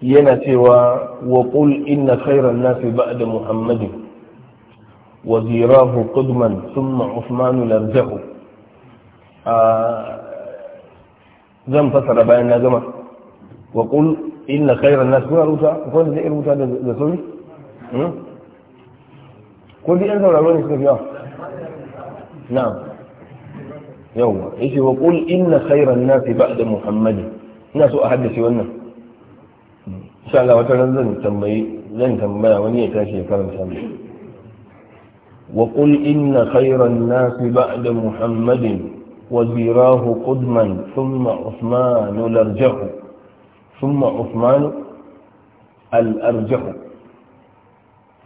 yana cewa wa qul inna khairan nasi ba'da muhammadin وزيراه قدما ثم عثمان لرزه آه، زم فسر بين زم وقل إن خير الناس كنا روسا وقل زي روسا لسوي قل دي أنزل أروني سنة فيها نعم يوم إيش وقل إن خير الناس بعد محمد ناس أحدث يوانا إن شاء الله وتعالى لن تنبي لن تنبي وني أتاشي كرم سامي وقل إن خير الناس بعد محمد وزيراه قدما ثم عثمان الأرجح ثم عثمان الأرجح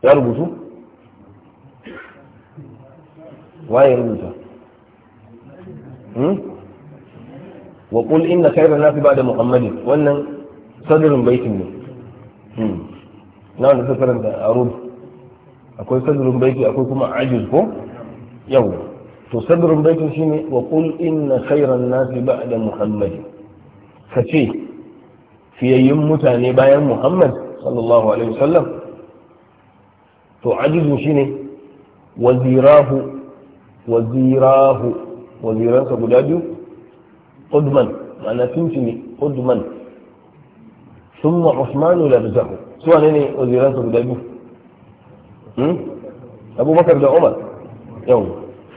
يربط ويربط وقل إن خير الناس بعد محمد وأن صدر بيت منه نعم نفسر أربط akwai sadrun baiti akwai kuma ajil ko yau to sadrun baiti shine wa qul inna khayran nas ba'da muhammad kace fiyayyin mutane bayan muhammad sallallahu alaihi wasallam to ajil shine wazirahu wazirahu waziransa guda biyu qudman ma'ana tuntuni qudman ثم عثمان لبزه سواء ne waziransa guda biyu Hmm? abubakar da umar yau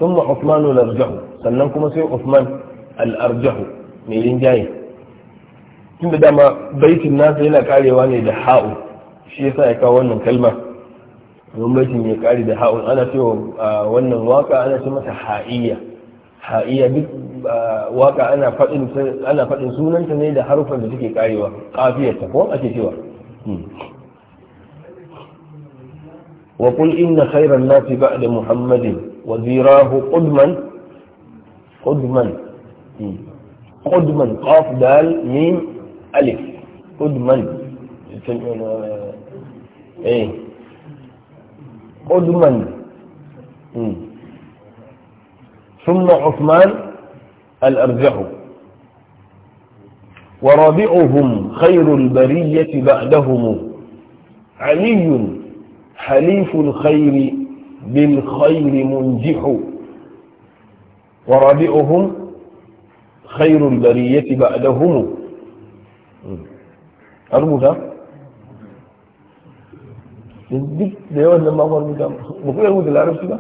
sun ma عثمان larjahu sannan kuma sai usman al'arjahu mai جاي tunda dama baitin nasa yana karewa ne da ha'u shi yasa ya kawo wannan kalma domin baitin ya kare da ha'u ana cewa wannan waka ana ce mata ha'iya duk waka ana faɗin sunanta ne da harufan da take karewa kafiyarta ko ake cewa hmm. وقل إن خير الناس بعد محمد وزيراه قدما قدما قدما قاف دال ميم ألف قدما آه، ايه قدما ثم عثمان الأرجح ورابعهم خير البرية بعدهم علي حليف الخير بالخير منجح ورابعهم خير البرية بعدهم أرمو ذا ديك ديوان لما أقول ذا مقول أقول ذا العرب سيبا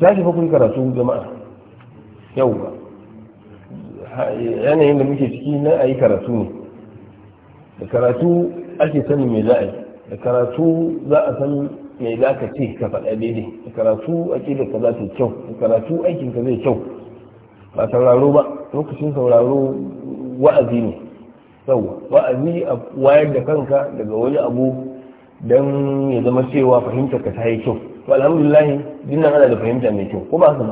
تاشي فوق ذكرة سوء جماعة يوم يعني هنا ميشي سكينة أي كرسوني da karatu ake sani mai za'a da karatu za a san mai za ka ce ka faɗa daidai da karatu da ka za ta kyau da karatu aikin ka zai kyau ba sauraro ba lokacin sauraro wa'azi ne yau wa'azi a wayar da kanka daga wani abu don ya zama cewa fahimta ka ta yi kyau to alhamdulillah dinnan ana da fahimta mai kyau ko ba su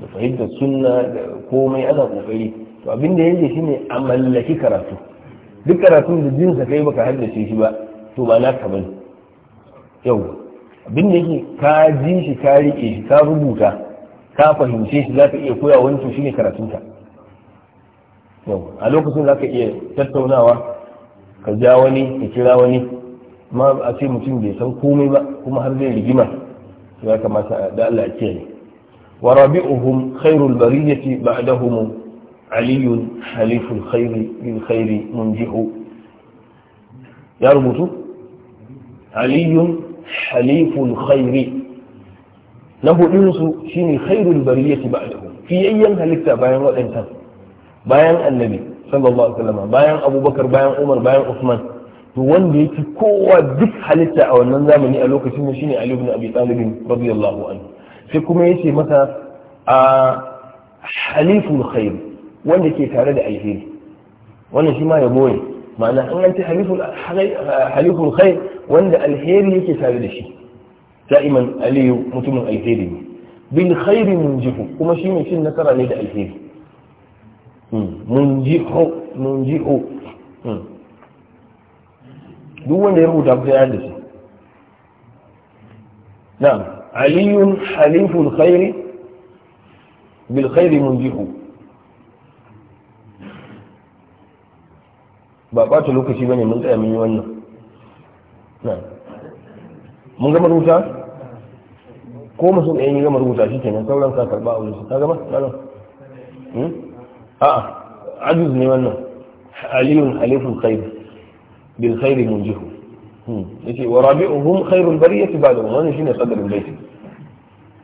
da fahimtar sunna da komai ana kokari to abin da yake shine a mallaki karatu duk karatun da jinsa kai baka haddace shi ba to ba naka bane yau abin da yake ka ji shi ka rike shi ka rubuta ka fahimce shi zaka iya koya wani to shine karatunka yau a lokacin zaka iya tattaunawa ka ja wani ka kira wani ma a ce mutum bai san komai ba kuma har zai rigima ya kamata da Allah ya kiyaye wa rabi'uhum khairul bariyati ba'dahum علي حليف الخير بالخير منجح يربط علي حليف الخير له إنس شيني خير البرية بعده في أيام هلكت بايان وإنسان بايان النبي صلى الله عليه وسلم بايان أبو بكر بايان عمر بايان عثمان to wanda yake kowa duk halitta a wannan zamani a lokacin shine Ali ibn Abi Talib radiyallahu anhu في kuma يسي مثلا آه، حليف الخير wanda ke tare da alheri wannan shi ma yabo ne ma'ana an yanci haliful khair wanda alheri yake tare da shi da'iman aliyu mutumin alheri ne bil khairi munjihu kuma shi mai cin nasara ne da alheri hmm, munjihu munjihu hmm. duk wanda ya rubuta ku ya da shi na'am aliyun haliful khairi bil khairi munjihu ba ɓata lokaci ba ne mun tsaya mun yi wannan mun gama rubuta ko mutum ɗaya ne gama rubuta shi kenan sauran ka karɓa a wurinsa ka gama ɗanan hmm? a'a ajuz ne wannan aliyun alifun khairu bil khairu mun jihu hmm. yace wa rabi'uhum ya bariyati ba'dahum wannan shine sadrul bait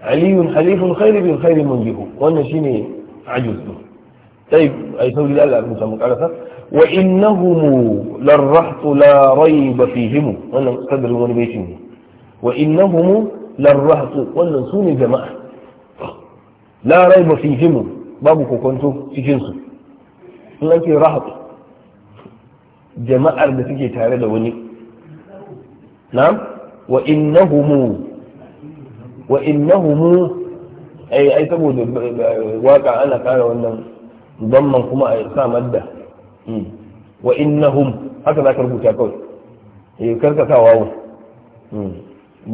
aliyun halifun khairu bil khairu mun jihu wannan shine ajuz ɗin طيب اي سوري الله المتمكرسه وإنهم للرهط لا ريب فيهم وانا قدر الوان وإنهم للرحط والنسون جماعة لا ريب فيهم بابك كنت في جنس لأنك رهط جماعة لتيجة تارد وني نعم وإنهم وإنهم أي أي تبود واقع أنا كان وإنهم ضمن كما إرسام أده wa innahum haka za ka rubuta kawai eh karka sa wawu hmm.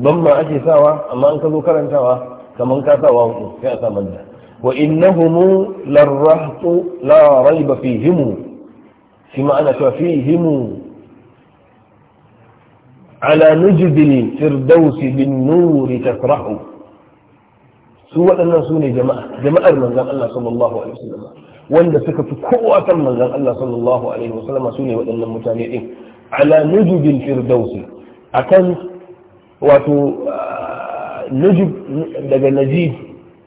ban ma ake sawa amma an ka zo karantawa kaman ka sa wawu sai a sa manda wa innahum larahtu la raiba fihim shi ma'ana cewa fihim ala nujbil firdausi bin nuri tasrahu su waɗannan su ne jama'a jama'ar manzon Allah sallallahu alaihi wasallam wanda suka fi kowa kan manzon Allah sallallahu alaihi wasallam su ne waɗannan mutane din ala nujubin firdausi akan wato ah, nujub daga najib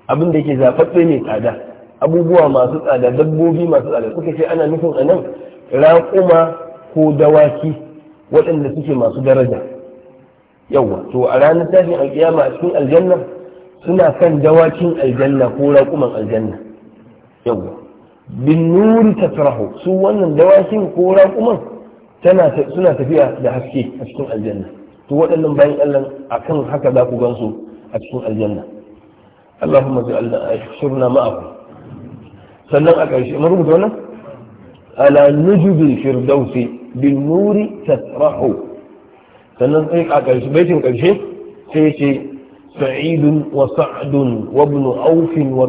abin da yake zafafe mai tsada abubuwa masu tsada dabbobi masu tsada kuka ce ana nufin anan raƙuma ko dawaki waɗanda suke masu daraja yawa to a ranar tashin alƙiyama a cikin aljanna suna kan dawakin aljanna ko raƙuman aljanna yawa bin nuri tasrahu wannan dawakin ko raƙuman suna tafiya da haske a cikin aljanna to waɗannan bayan Allah akan haka za ku gansu a cikin aljanna Allahumma ja'alna ashurna ma'akum sannan a ƙarshe mun rubuta wannan ala nujubil firdausi bin nuri tasrahu sannan sai a ƙarshe ƙarshe sai sa'idun wa sa'dun wa ibn wa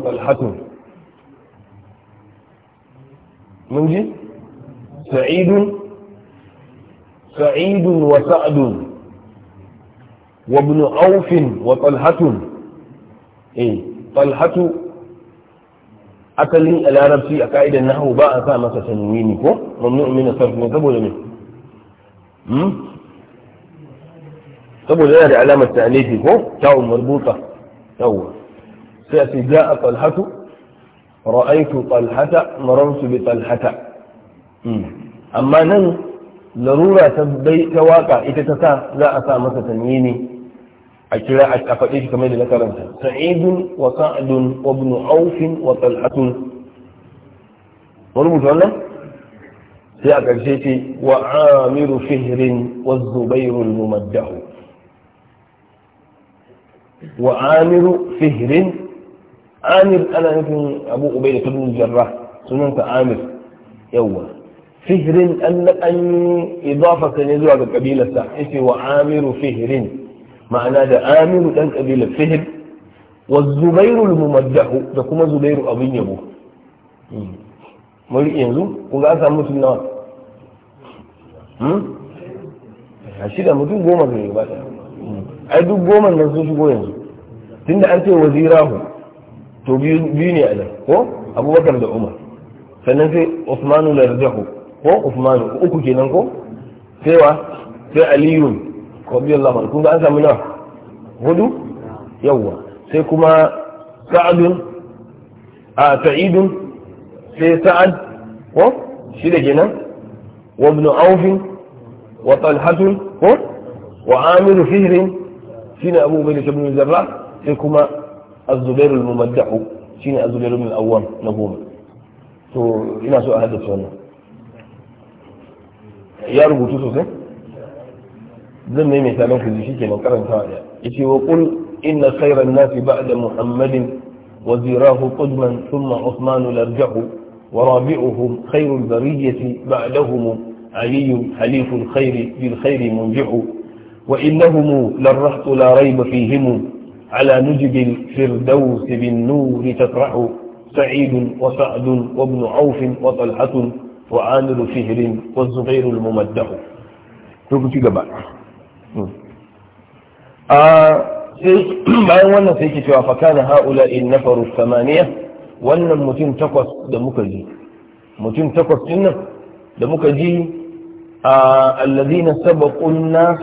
منجي سعيد سعيد وسعد وابن عوف وطلحة إيه طلحة أكل العرب في أكايد أنه باء كما تسنويني كو ممنوع من الصرف من تبو لمن تبو لنا علامة تأليفي كو تاو مربوطة تاو سيأتي جاء طلحة ra'aitu talhata marartu bi talhata amma nan larura ta bai ta waka ita ta sa za a sa masa tanwini a kira a faɗe shi kamar da na karanta sa'idun wa sa'adun wa ibn aufin wa talhatun wani mutu wannan sai a ƙarshe ce wa amiru fihrin wa zubairu mumaddahu wa amiru fihrin amir ana nufin abu ubai da tabin jarra sunanta amir yawwa fihrin an an idafa ne zuwa ga kabilarsa yace wa amiru fihrin ma'ana da amiru dan kabilar fihr wa zubairu mumaddahu da kuma zubairu abin yabo hmm. mun yanzu ku ga an samu mutum nawa hmm? a shida mutum goma zai ba hmm. ai duk goma nan sun shigo yanzu tunda an ce wazirahu to biyu ne a nan ko abubakar da umar sannan sai usmanu na rajahu ko usmanu uku kenan ko sai wa sai aliyu radiyallahu anhu kun an samu nawa hudu yawwa sai kuma sa'adun a sa'idun sai sa'ad ko shi da kenan wa ibn auf wa talhatun ko wa amiru fihrin shine abu bai da ibn zarra sai kuma الزبير الممدع شين الزبير من الأول نبوم تو إنا سؤال هذا السؤال يا رب تسوسي زم نيمي سامن كذي شي كما كرم سائع يشي وقل إن خير الناس بعد محمد وزيراه قدما ثم عثمان الأرجع ورابعهم خير البرية بعدهم علي حليف الخير بالخير منجح وإنهم للرحت لا ريب فيهم على نجد الفردوس بالنور تطرح سعيد وسعد وابن عوف وطلحة وعامل فهر والزبير الممدح شوفوا في جبال آه، بعد وانا سيكي فيها فكان هؤلاء النفر الثمانية وانا المتين تقص دمكجي. جي متين تقص جنة دمكجي آه، الذين سبقوا الناس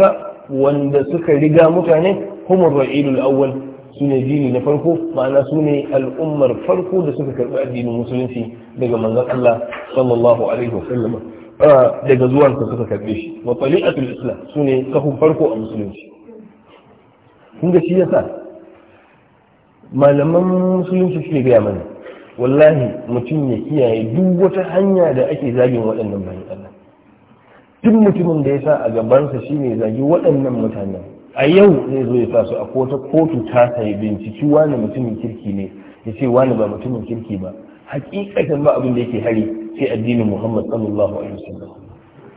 وانا سكر لقامتها يعني Humar ra'ilul awwal su ne jini na farko ma'ana su al'ummar farko da suka karɓi addinin musulunci daga manzon Allah sallallahu alaihi wasallam daga zuwan suka karɓe shi wa taliqatul islam su ne farko a musulunci kun ga shi yasa malaman musulunci suke gaya mana wallahi mutum ya kiyaye duk wata hanya da ake zagin waɗannan bayan Allah duk mutumin da ya sa a gabansa shine zagi waɗannan mutanen a yau zai zo ya sa su a kota kotu ta sayi binciki wani mutumin kirki ne ya ce wani ba mutumin kirki ba hakikatan ba abin da yake hari sai addinin muhammad sallallahu alaihi wasallam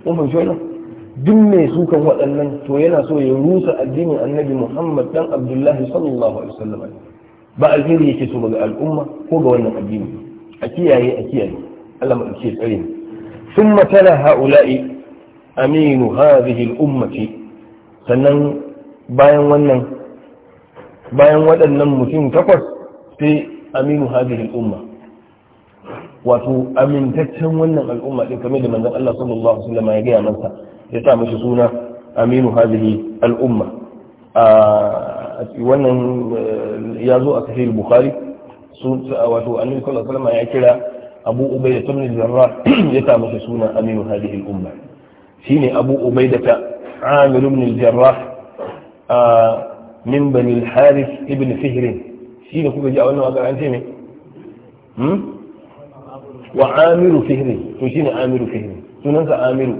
Kuma fahimci wannan duk mai sukan waɗannan to yana so ya rusa addinin annabi muhammad dan abdullahi sallallahu alaihi wasallam ba alheri yake so ga al'umma ko ga wannan addini a kiyaye a kiyaye Allah mu ce tsare mu thumma tala haula'i aminu hadhihi al-ummati sannan bayan wannan bayan waɗannan mutum takwas sai aminu hadihin umma wato amintaccen wannan al'umma ɗin kamar da manzon Allah sallallahu alaihi wasallam ya gaya masa ya sa mashi suna aminu hadihi al'umma a wannan eh, ya zo a sahih bukhari wato annabi sallallahu alaihi wasallam ya kira abu ubaida ibn jarrah ya sa mashi suna aminu hadihi al'umma shine abu ubaida ta amir ibn jarrah min bani al-haris ibn fihrin shi ne kuka ji a wannan wakar an ce ne wa amiru fihrin to ne amiru fihrin sunansa amiru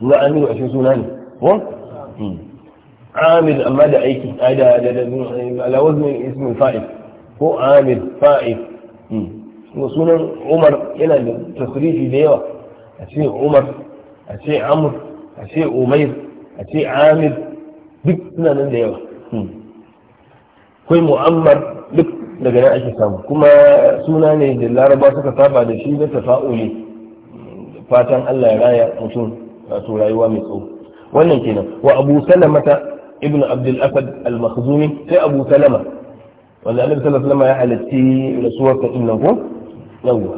na amiru a shi suna ne ko amir amma da aiki da da da alawazin ismi fa'il ko amir fa'il sunan umar yana da tasrifi da yawa a ce umar a ce amur a ce umair a ce amir duk suna nan da yawa hmm. kai mu'ammar duk daga nan ake samu kuma suna ne da laraba suka saba da shi na tafa'uli fatan Allah ya raya mutum wato rayuwa mai tsawo wannan kenan wa abu salama ta ibn abdul asad al-makhzumi sai abu salama wanda annabi sallallahu alaihi ya halatti rasuwar ta innan ko yawa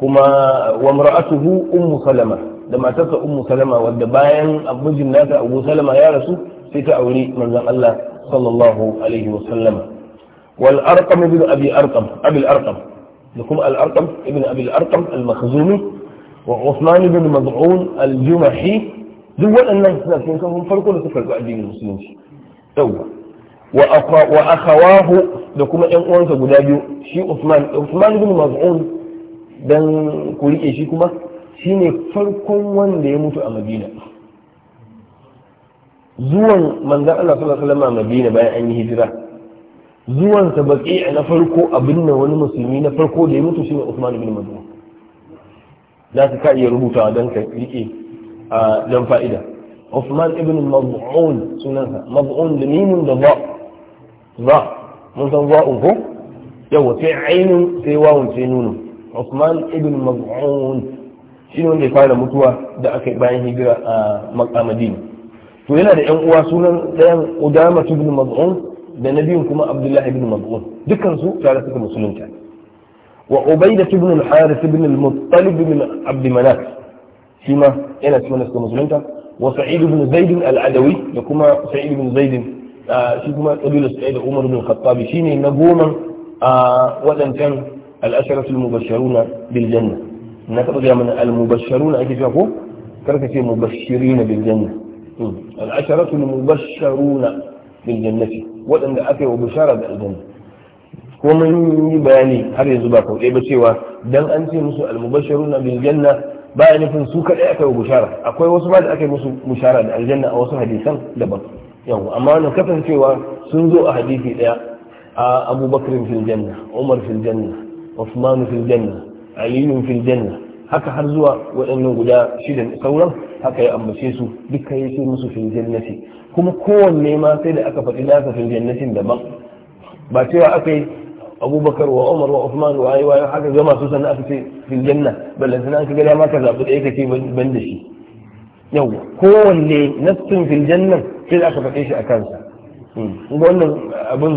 kuma wa mar'atuhu ummu salama da matarsa ummu salama wadda bayan abujin nata abu salama ya rasu sai ta auri manzon Allah sallallahu alaihi wa sallama wal arqam ibn abi arqam abi arqam da kuma al arqam ibn abi arqam al makhzumi wa usman ibn maz'un al jumahi duk waɗannan suna cikin kafin farko da suka karɓi addinin musulunci yawwa wa akhawahu da kuma ƴan uwansa guda biyu shi usman usman ibn maz'un dan ku rike shi kuma shine farkon wanda ya mutu a madina zuwan manzan Allah sallallahu alaihi wasallam Madina bayan an yi hijira zuwan sa baki na farko abin da wani musulmi na farko da ya mutu shine Usman ibn Mad'un za su ka iya rubuta don ka rike a dan fa'ida Usman ibn Mad'un sunansa Mad'un da nimin da za za mun san za'un ko yawa sai ainun sai wawun sai nunu Usman ibn shi ne wanda ya fara mutuwa da aka yi bayan hijira a Madina to yana da yan uwa sunan ɗayan Udama ibn Maz'un da na biyun kuma Abdullah ibn Maz'un dukkan su tare suka musulunta wa Ubayda ibn al-Harith ibn al-Muttalib ibn Abd Manaf shi ma yana cikin suka musulunta wa Sa'id ibn Zaid al-Adawi da kuma Sa'id ibn Zaid shi kuma kabilar Sa'id Umar ibn Khattab shine na goma a wadancan al-asharatu al-mubashshiruna bil janna na taɓa ga mana al-mubashshiruna ake cewa ko karka ce mubashshirina bil janna العشرة المبشرون بالجنة وأن أكي وبشارة بالجنة ko mun yi bayani har yanzu ba kauɗe ba cewa dan an ce musu almubashiruna bil janna ba nufin su kaɗai aka yi bushara akwai wasu ba da aka yi musu bushara da aljanna a wasu hadisan daban yau amma wannan kasancewa sun zo a hadisi ɗaya a abubakar Filjanna, umar Filjanna, janna usman fil janna haka har zuwa waɗannan guda shida sauran haka ya ambace su duka ya ce musu fil jannati kuma kowanne ma sai da aka faɗi nasa fil jannatin daban ba cewa aka yi abubakar wa umar wa usman wa ayi wayo haka gama su sannan aka ce fil janna ballan sannan aka gada ma ka zaɓi ɗaya ka ce ban da shi yau kowanne nassun fil jannan sai da aka faɗe shi a kansa hmm. wannan abin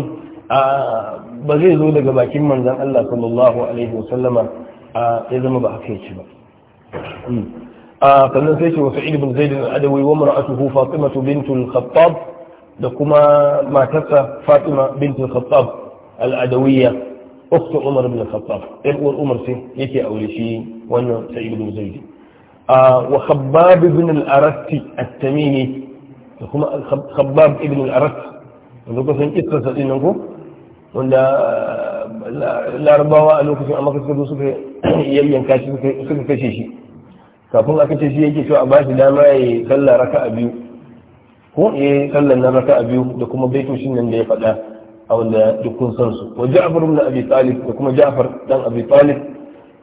ba zai zo daga bakin manzan Allah sallallahu alaihi wasallama ya zama ba aka yi yake ba hmm. قلنا آه، سيتي وسعيد بن زيد العدوي وامرأته فاطمة بنت الخطاب لكما ما كسى فاطمة بنت الخطاب العدوية أخت عمر بن الخطاب إبور إيه عمر سي يكي أولي شي وأن سعيد بن زيد آه، وخباب بن الأرست التميمي لكما خباب بن الأرست لكما سيكي تسألين لكم وأن لا رباوة لكما سيكي تسألين لكما سيكي تسألين لكما kafin aka ce shi yake cewa a bashi dama ya yi sallah raka a biyu ko ya yi sallah na raka a biyu da kuma baitoshin nan da ya faɗa a wanda duk kun san su wa ja'far ibn abi talib da kuma ja'far dan abi talib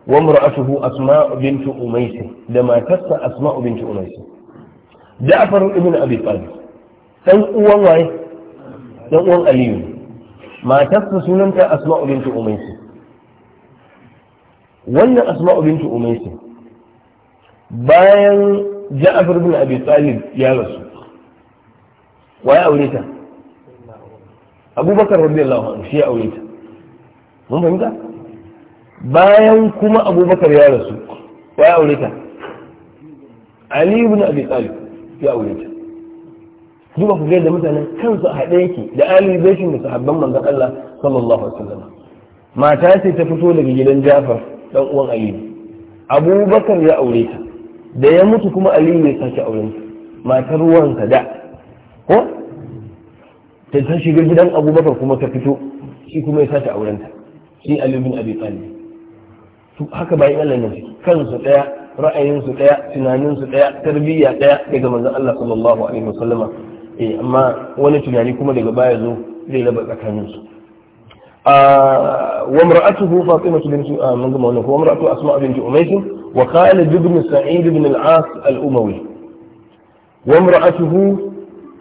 wa mar'atuhu asma bint umays da matarsa asma bint umays ja'far ibn abi talib dan uwan waye dan uwan aliyu matarsa sunanta asma bint umays wannan asma bint umays bayan ja'afar bin abi talib ya rasu Wa ya aure ta abubakar allahu anhu shi ya aure ta mun fahimta bayan kuma abubakar ya rasu Wa ya aure ta ali ibn abi talib ya aure ta duba ku da mutanen kansu a haɗe yake da ali bashin da sahabban manzon Allah sallallahu alaihi wasallam mata ce ta fito daga gidan Jafar dan uwan Ali Abubakar ya aure ta da ya mutu kuma aliyu ya sake auren matar wansa da ko ta ta shiga gidan abubakar kuma ta fito shi kuma ya sake auren ta shi aliyu bin abi talib to haka bayan Allah ne kansu daya ra'ayinsu daya tunaninsu daya tarbiyya daya daga manzon Allah sallallahu alaihi wasallama eh amma wani tunani kuma daga baya zo zai laba tsakaninsu آه، وامرأته فاطمة بنت آه، من ضمن وامرأته أسماء بنت أميس وخالد بن سعيد بن العاص الأموي وامرأته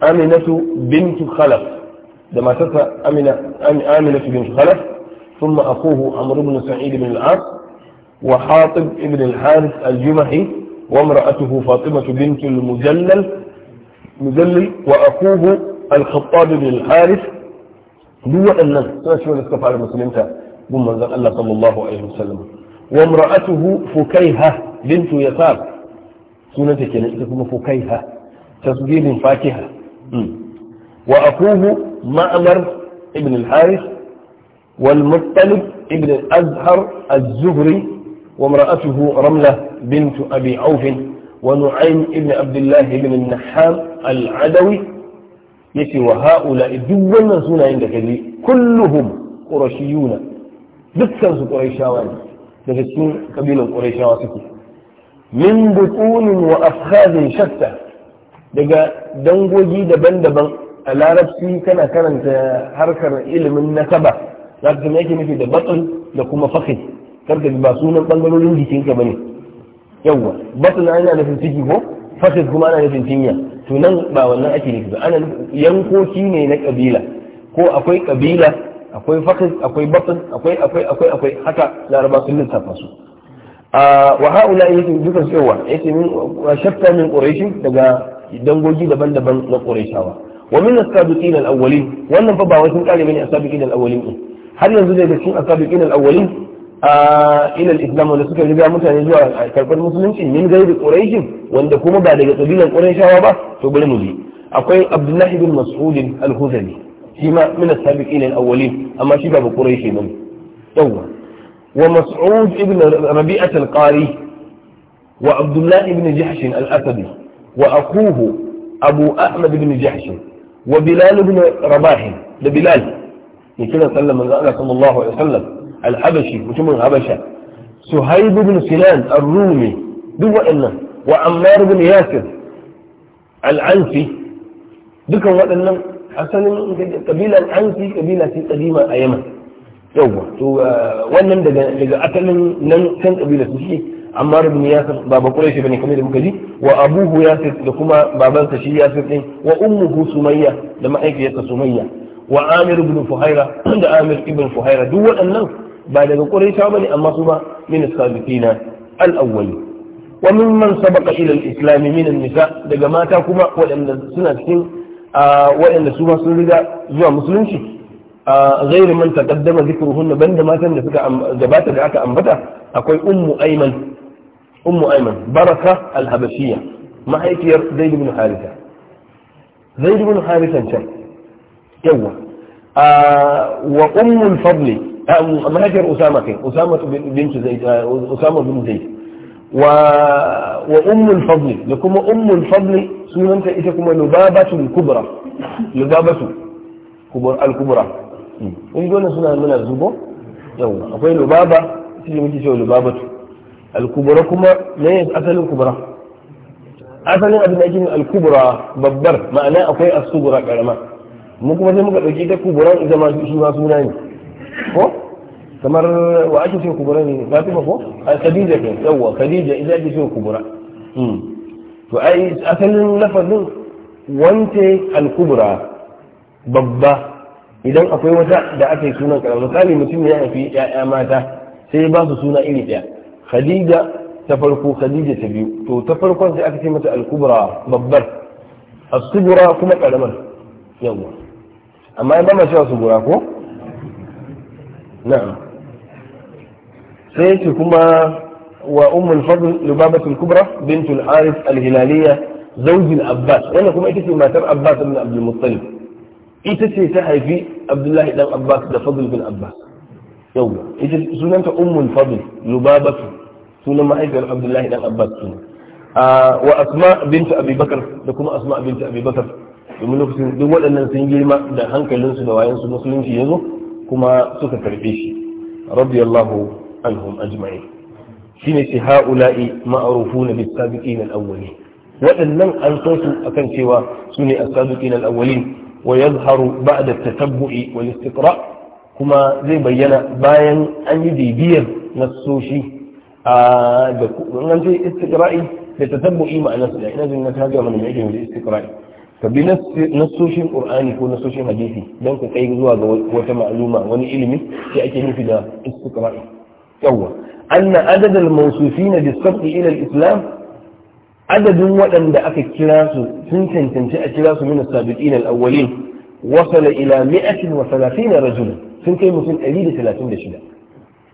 آمنة بنت خلف لما تسى آمنة آمنة بنت خلف ثم أخوه عمرو بن سعيد بن العاص وحاطب بن الحارث الجمحي وامرأته فاطمة بنت المجلل مجلل وأخوه الخطاب بن الحارث duk waɗannan suna cewa da suka fara musulunta gun manzon Allah sallallahu alaihi wasallam wa imra'atuhu fukaiha bintu yasar sunanta kenan ita kuma fukaiha tasbihin fatiha wa akuhu ma'amar ibn al-harith wal muttalib ibn al-azhar az-zuhri wa imra'atuhu ramla bintu abi auf ونعيم ابن عبد الله بن النحام العدوي yace wa haula duk wannan sunayen da kaji kulluhum qurashiyuna dukkan su qurayshawa ne daga cikin kabilan qurayshawa suke min butunin wa afkhazin shatta daga dangogi daban-daban a larabci kana karanta harkar ilimin nasaba za ka yake nufi da batul da kuma fakhi karka ba sunan bangarorin jikinka bane yawwa batul ana nufin ciki ko fasis kuma ana nufin cinya to nan ba wannan ake nufi ba ana yankoki ne na kabila ko akwai kabila akwai fasis akwai bafis akwai akwai akwai akwai haka laraba sun lissafa su wa haula yake dukan cewa yake min shafta min quraishi daga dangogi daban-daban na qurayshawa wa min as-sabiqin al-awwalin wannan fa ba wasu kare bane as-sabiqin al-awwalin har yanzu daga cikin as-sabiqin al-awwalin ila islam wanda suka riga mutane zuwa karɓar musulunci min gairi quraishin wanda kuma ba daga kabilan quraishawa ba to bari mu bi akwai abdullahi bin mas'ud al-huzali shi ma min as-sabiqin al-awwalin amma shi ba quraishi bane yawa wa mas'ud ibn rabi'at al-qari wa abdullah ibn jahsh al-asadi wa akuhu abu ahmad ibn jahsh wa bilal ibn rabah da bilal ne kiran sallallahu alaihi wasallam al-habashi mutumin habasha suhaib ibn sinan ar-rumi duk waɗannan wa ammar ibn al-ansi dukan waɗannan asalin kabilan ansi kabila ce kadima a yaman yawwa wannan daga asalin nan kan kabila su shi ammar ibn yasir baba quraishi bane kamar da muka ji wa abuhu yasir da kuma babansa shi yasir ɗin wa ummuhu sumayya da ma'aikiyarsa sumayya wa amir ibn fuhaira da amir ibn fuhaira duk waɗannan ba daga quraisha bane amma su ba min as-sabiqina al-awwali wa mimman sabaqa ila al-islam min an-nisa daga mata kuma waɗanda suna cikin waɗanda su ba sun riga zuwa musulunci غير من تقدم ذكرهن بند ما da suka gabata da aka ambata akwai ummu ayman ummu ayman baraka al-habashiyya mahaifiyar zaid ibn haritha zaid ibn haritha can yawa wa ummul fadli مهاجر أسامة أسامة بنت زيد آه، أسامة بن زيد و... وأم الفضل لكم أم الفضل سننت إتكم لبابة الكبرى لبابة كبر... الكبرى إن ويقولون سنة من الزبو يو أقول لبابة تجي متي شو لبابة الكبرى كما ليس أثل الكبرى أثل أبن أجن الكبرى ببر معناه أقول الصغرى كلمة ممكن مثلا ممكن أجيب كبرى إذا ما شو ما سناني يعني. ko kamar wa ake ce kubura ne fatima ko a khadija ke yawwa khadija ita ake ce kubura hmm. to ai asalin lafazin wance al kubura babba idan akwai wata da aka yi sunan karamar misali mutum ya haifi ya'ya mata sai ba su suna iri ɗaya khadija ta farko khadija ta biyu to ta farkon sai aka ce mata al kubura babbar as-sugra kuma karamar yawa amma ba ma cewa sugura ko na'am sai yake kuma wa ummul fadl lubabatul kubra al arif al-hilaliyya zaujin abbas wannan kuma ita ce matar abbas ibn abdul muttalib ita ce ta haifi abdullahi dan abbas da fadl bin abbas yau ita sunanta ummul fadl lubabatu sunan mahaifiyar abdullahi dan abbas sunan wa asma binta abubakar da kuma asma binta abubakar domin lokacin duk waɗannan sun girma da hankalinsu da wayansu musulunci ya zo kuma suka karbe shi radiyallahu anhum ajma'i shine ce ha'ula'i ma'rufuna bis sabiqin al-awwalin waɗannan an san su akan cewa sune as-sabiqin al-awwalin wa yadhharu ba'da at-tatabbu'i wal istiqra kuma zai bayyana bayan an yi bibiyar nasoshi a da an ce istiqra'i da tatabbu'i ma'anarsa ina jin na ta ga mana mai yake istiqra'i ka bi nasoshin qur'ani ko nasoshin hadisi don ka kai zuwa ga wata ma'aluma wani ilimi sai ake nufi da istiqra'i yawwa anna adad al-mawsufin bi sabt ila al-islam adadin waɗanda aka kira su sun tantance a kira su min as-sabiqin al-awwalin wasala ila 130 rajula sun kai mutum 136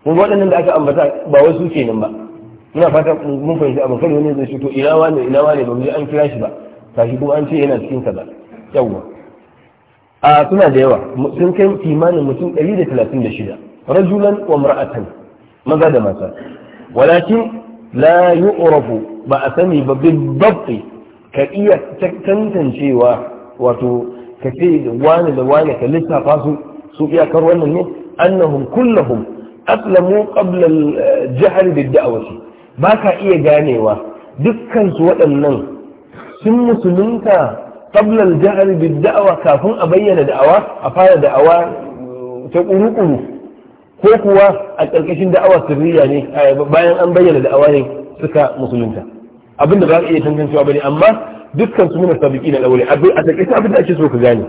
kun waɗannan da aka ambata ba wasu kenan ba muna fata mun fahimci abin kai wani zai to ina wani ina wani ba mu an kira shi ba kashi kuma an ce yana cikin kaza yawwa a suna da yawa sun kai kimanin mutum 136 rajulan wa mar'atan maza da mata walakin la yu'rafu ba a sani ba bibbabti ka iya tantancewa wato ka ce wani da wani ka lissafa su su iyakar wannan ne annahum kullahum aslamu qabla al-jahl bid-da'wati ba iya ganewa dukkan su waɗannan sun musulunta qablal jihar bid da'wa kafin a bayyana da'awa a fara da'awa uh, ta kurukuru ko kuwa a ƙarƙashin da'awa sirriya ne bayan an bayyana da'awa ne suka musulunta abin da ba ka iya tantancewa ne. amma dukkan su mina sabiki na dawali a takaice abin da ake so ka gane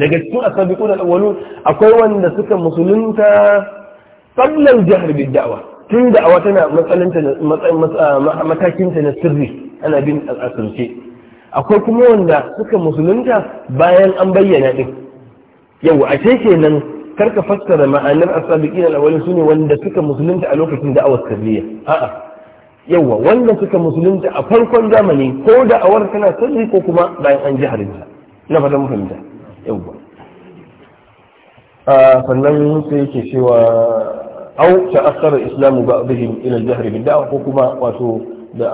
daga cikin asabiku na dawalun akwai wanda suka musulunta qablal jihar bid da'wa tun da'awa tana matsalinta matakinta na sirri ana bin asirce akwai kuma wanda suka musulunta bayan an bayyana din yau a ce ke kenan karka fassara ma'anar asabiqin al su ne wanda suka musulunta a lokacin da da'awar sirriya a'a yawa wanda suka musulunta a farkon zamani ko da da'awar tana sirri ko kuma bayan an ji harinta na fata mafahimta yawa ah, sannan sai yake cewa au ta'akhkhara islamu ba'dihim ila al-jahr bid da'wa ko kuma wato da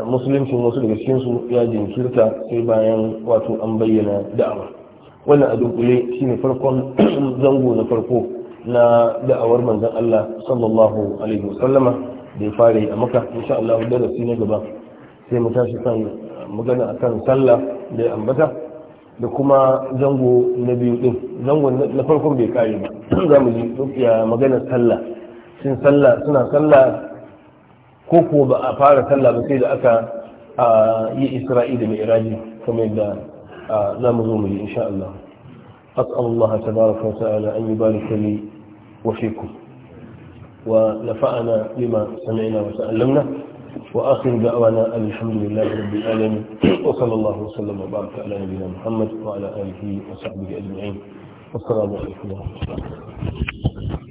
a musulunci wasu daga cikin su ya jinkirta sai bayan wato an bayyana da'awa wannan a dunkule shine farkon zango na farko na da'awar manzon Allah sallallahu alaihi wasallama da ya fara yi a maka insha Allah darasi na gaba sai mu tashi kan magana akan sallah da ya ambata da kuma zango na biyu din zango na farkon bai kare ba za mu ji magana sallah sun sallah suna sallah ko ko ba a fara sallah ba sai da aka yi isra'i da mai iraji kamar yadda za mu zo mu yi insha Allah أسأل الله تبارك وتعالى أن يبارك لي وفيكم ونفعنا بما سمعنا وتعلمنا وآخر دعوانا الحمد لله رب العالمين وصلى الله وسلم وبارك على نبينا محمد وعلى آله وصحبه أجمعين والسلام عليكم ورحمة الله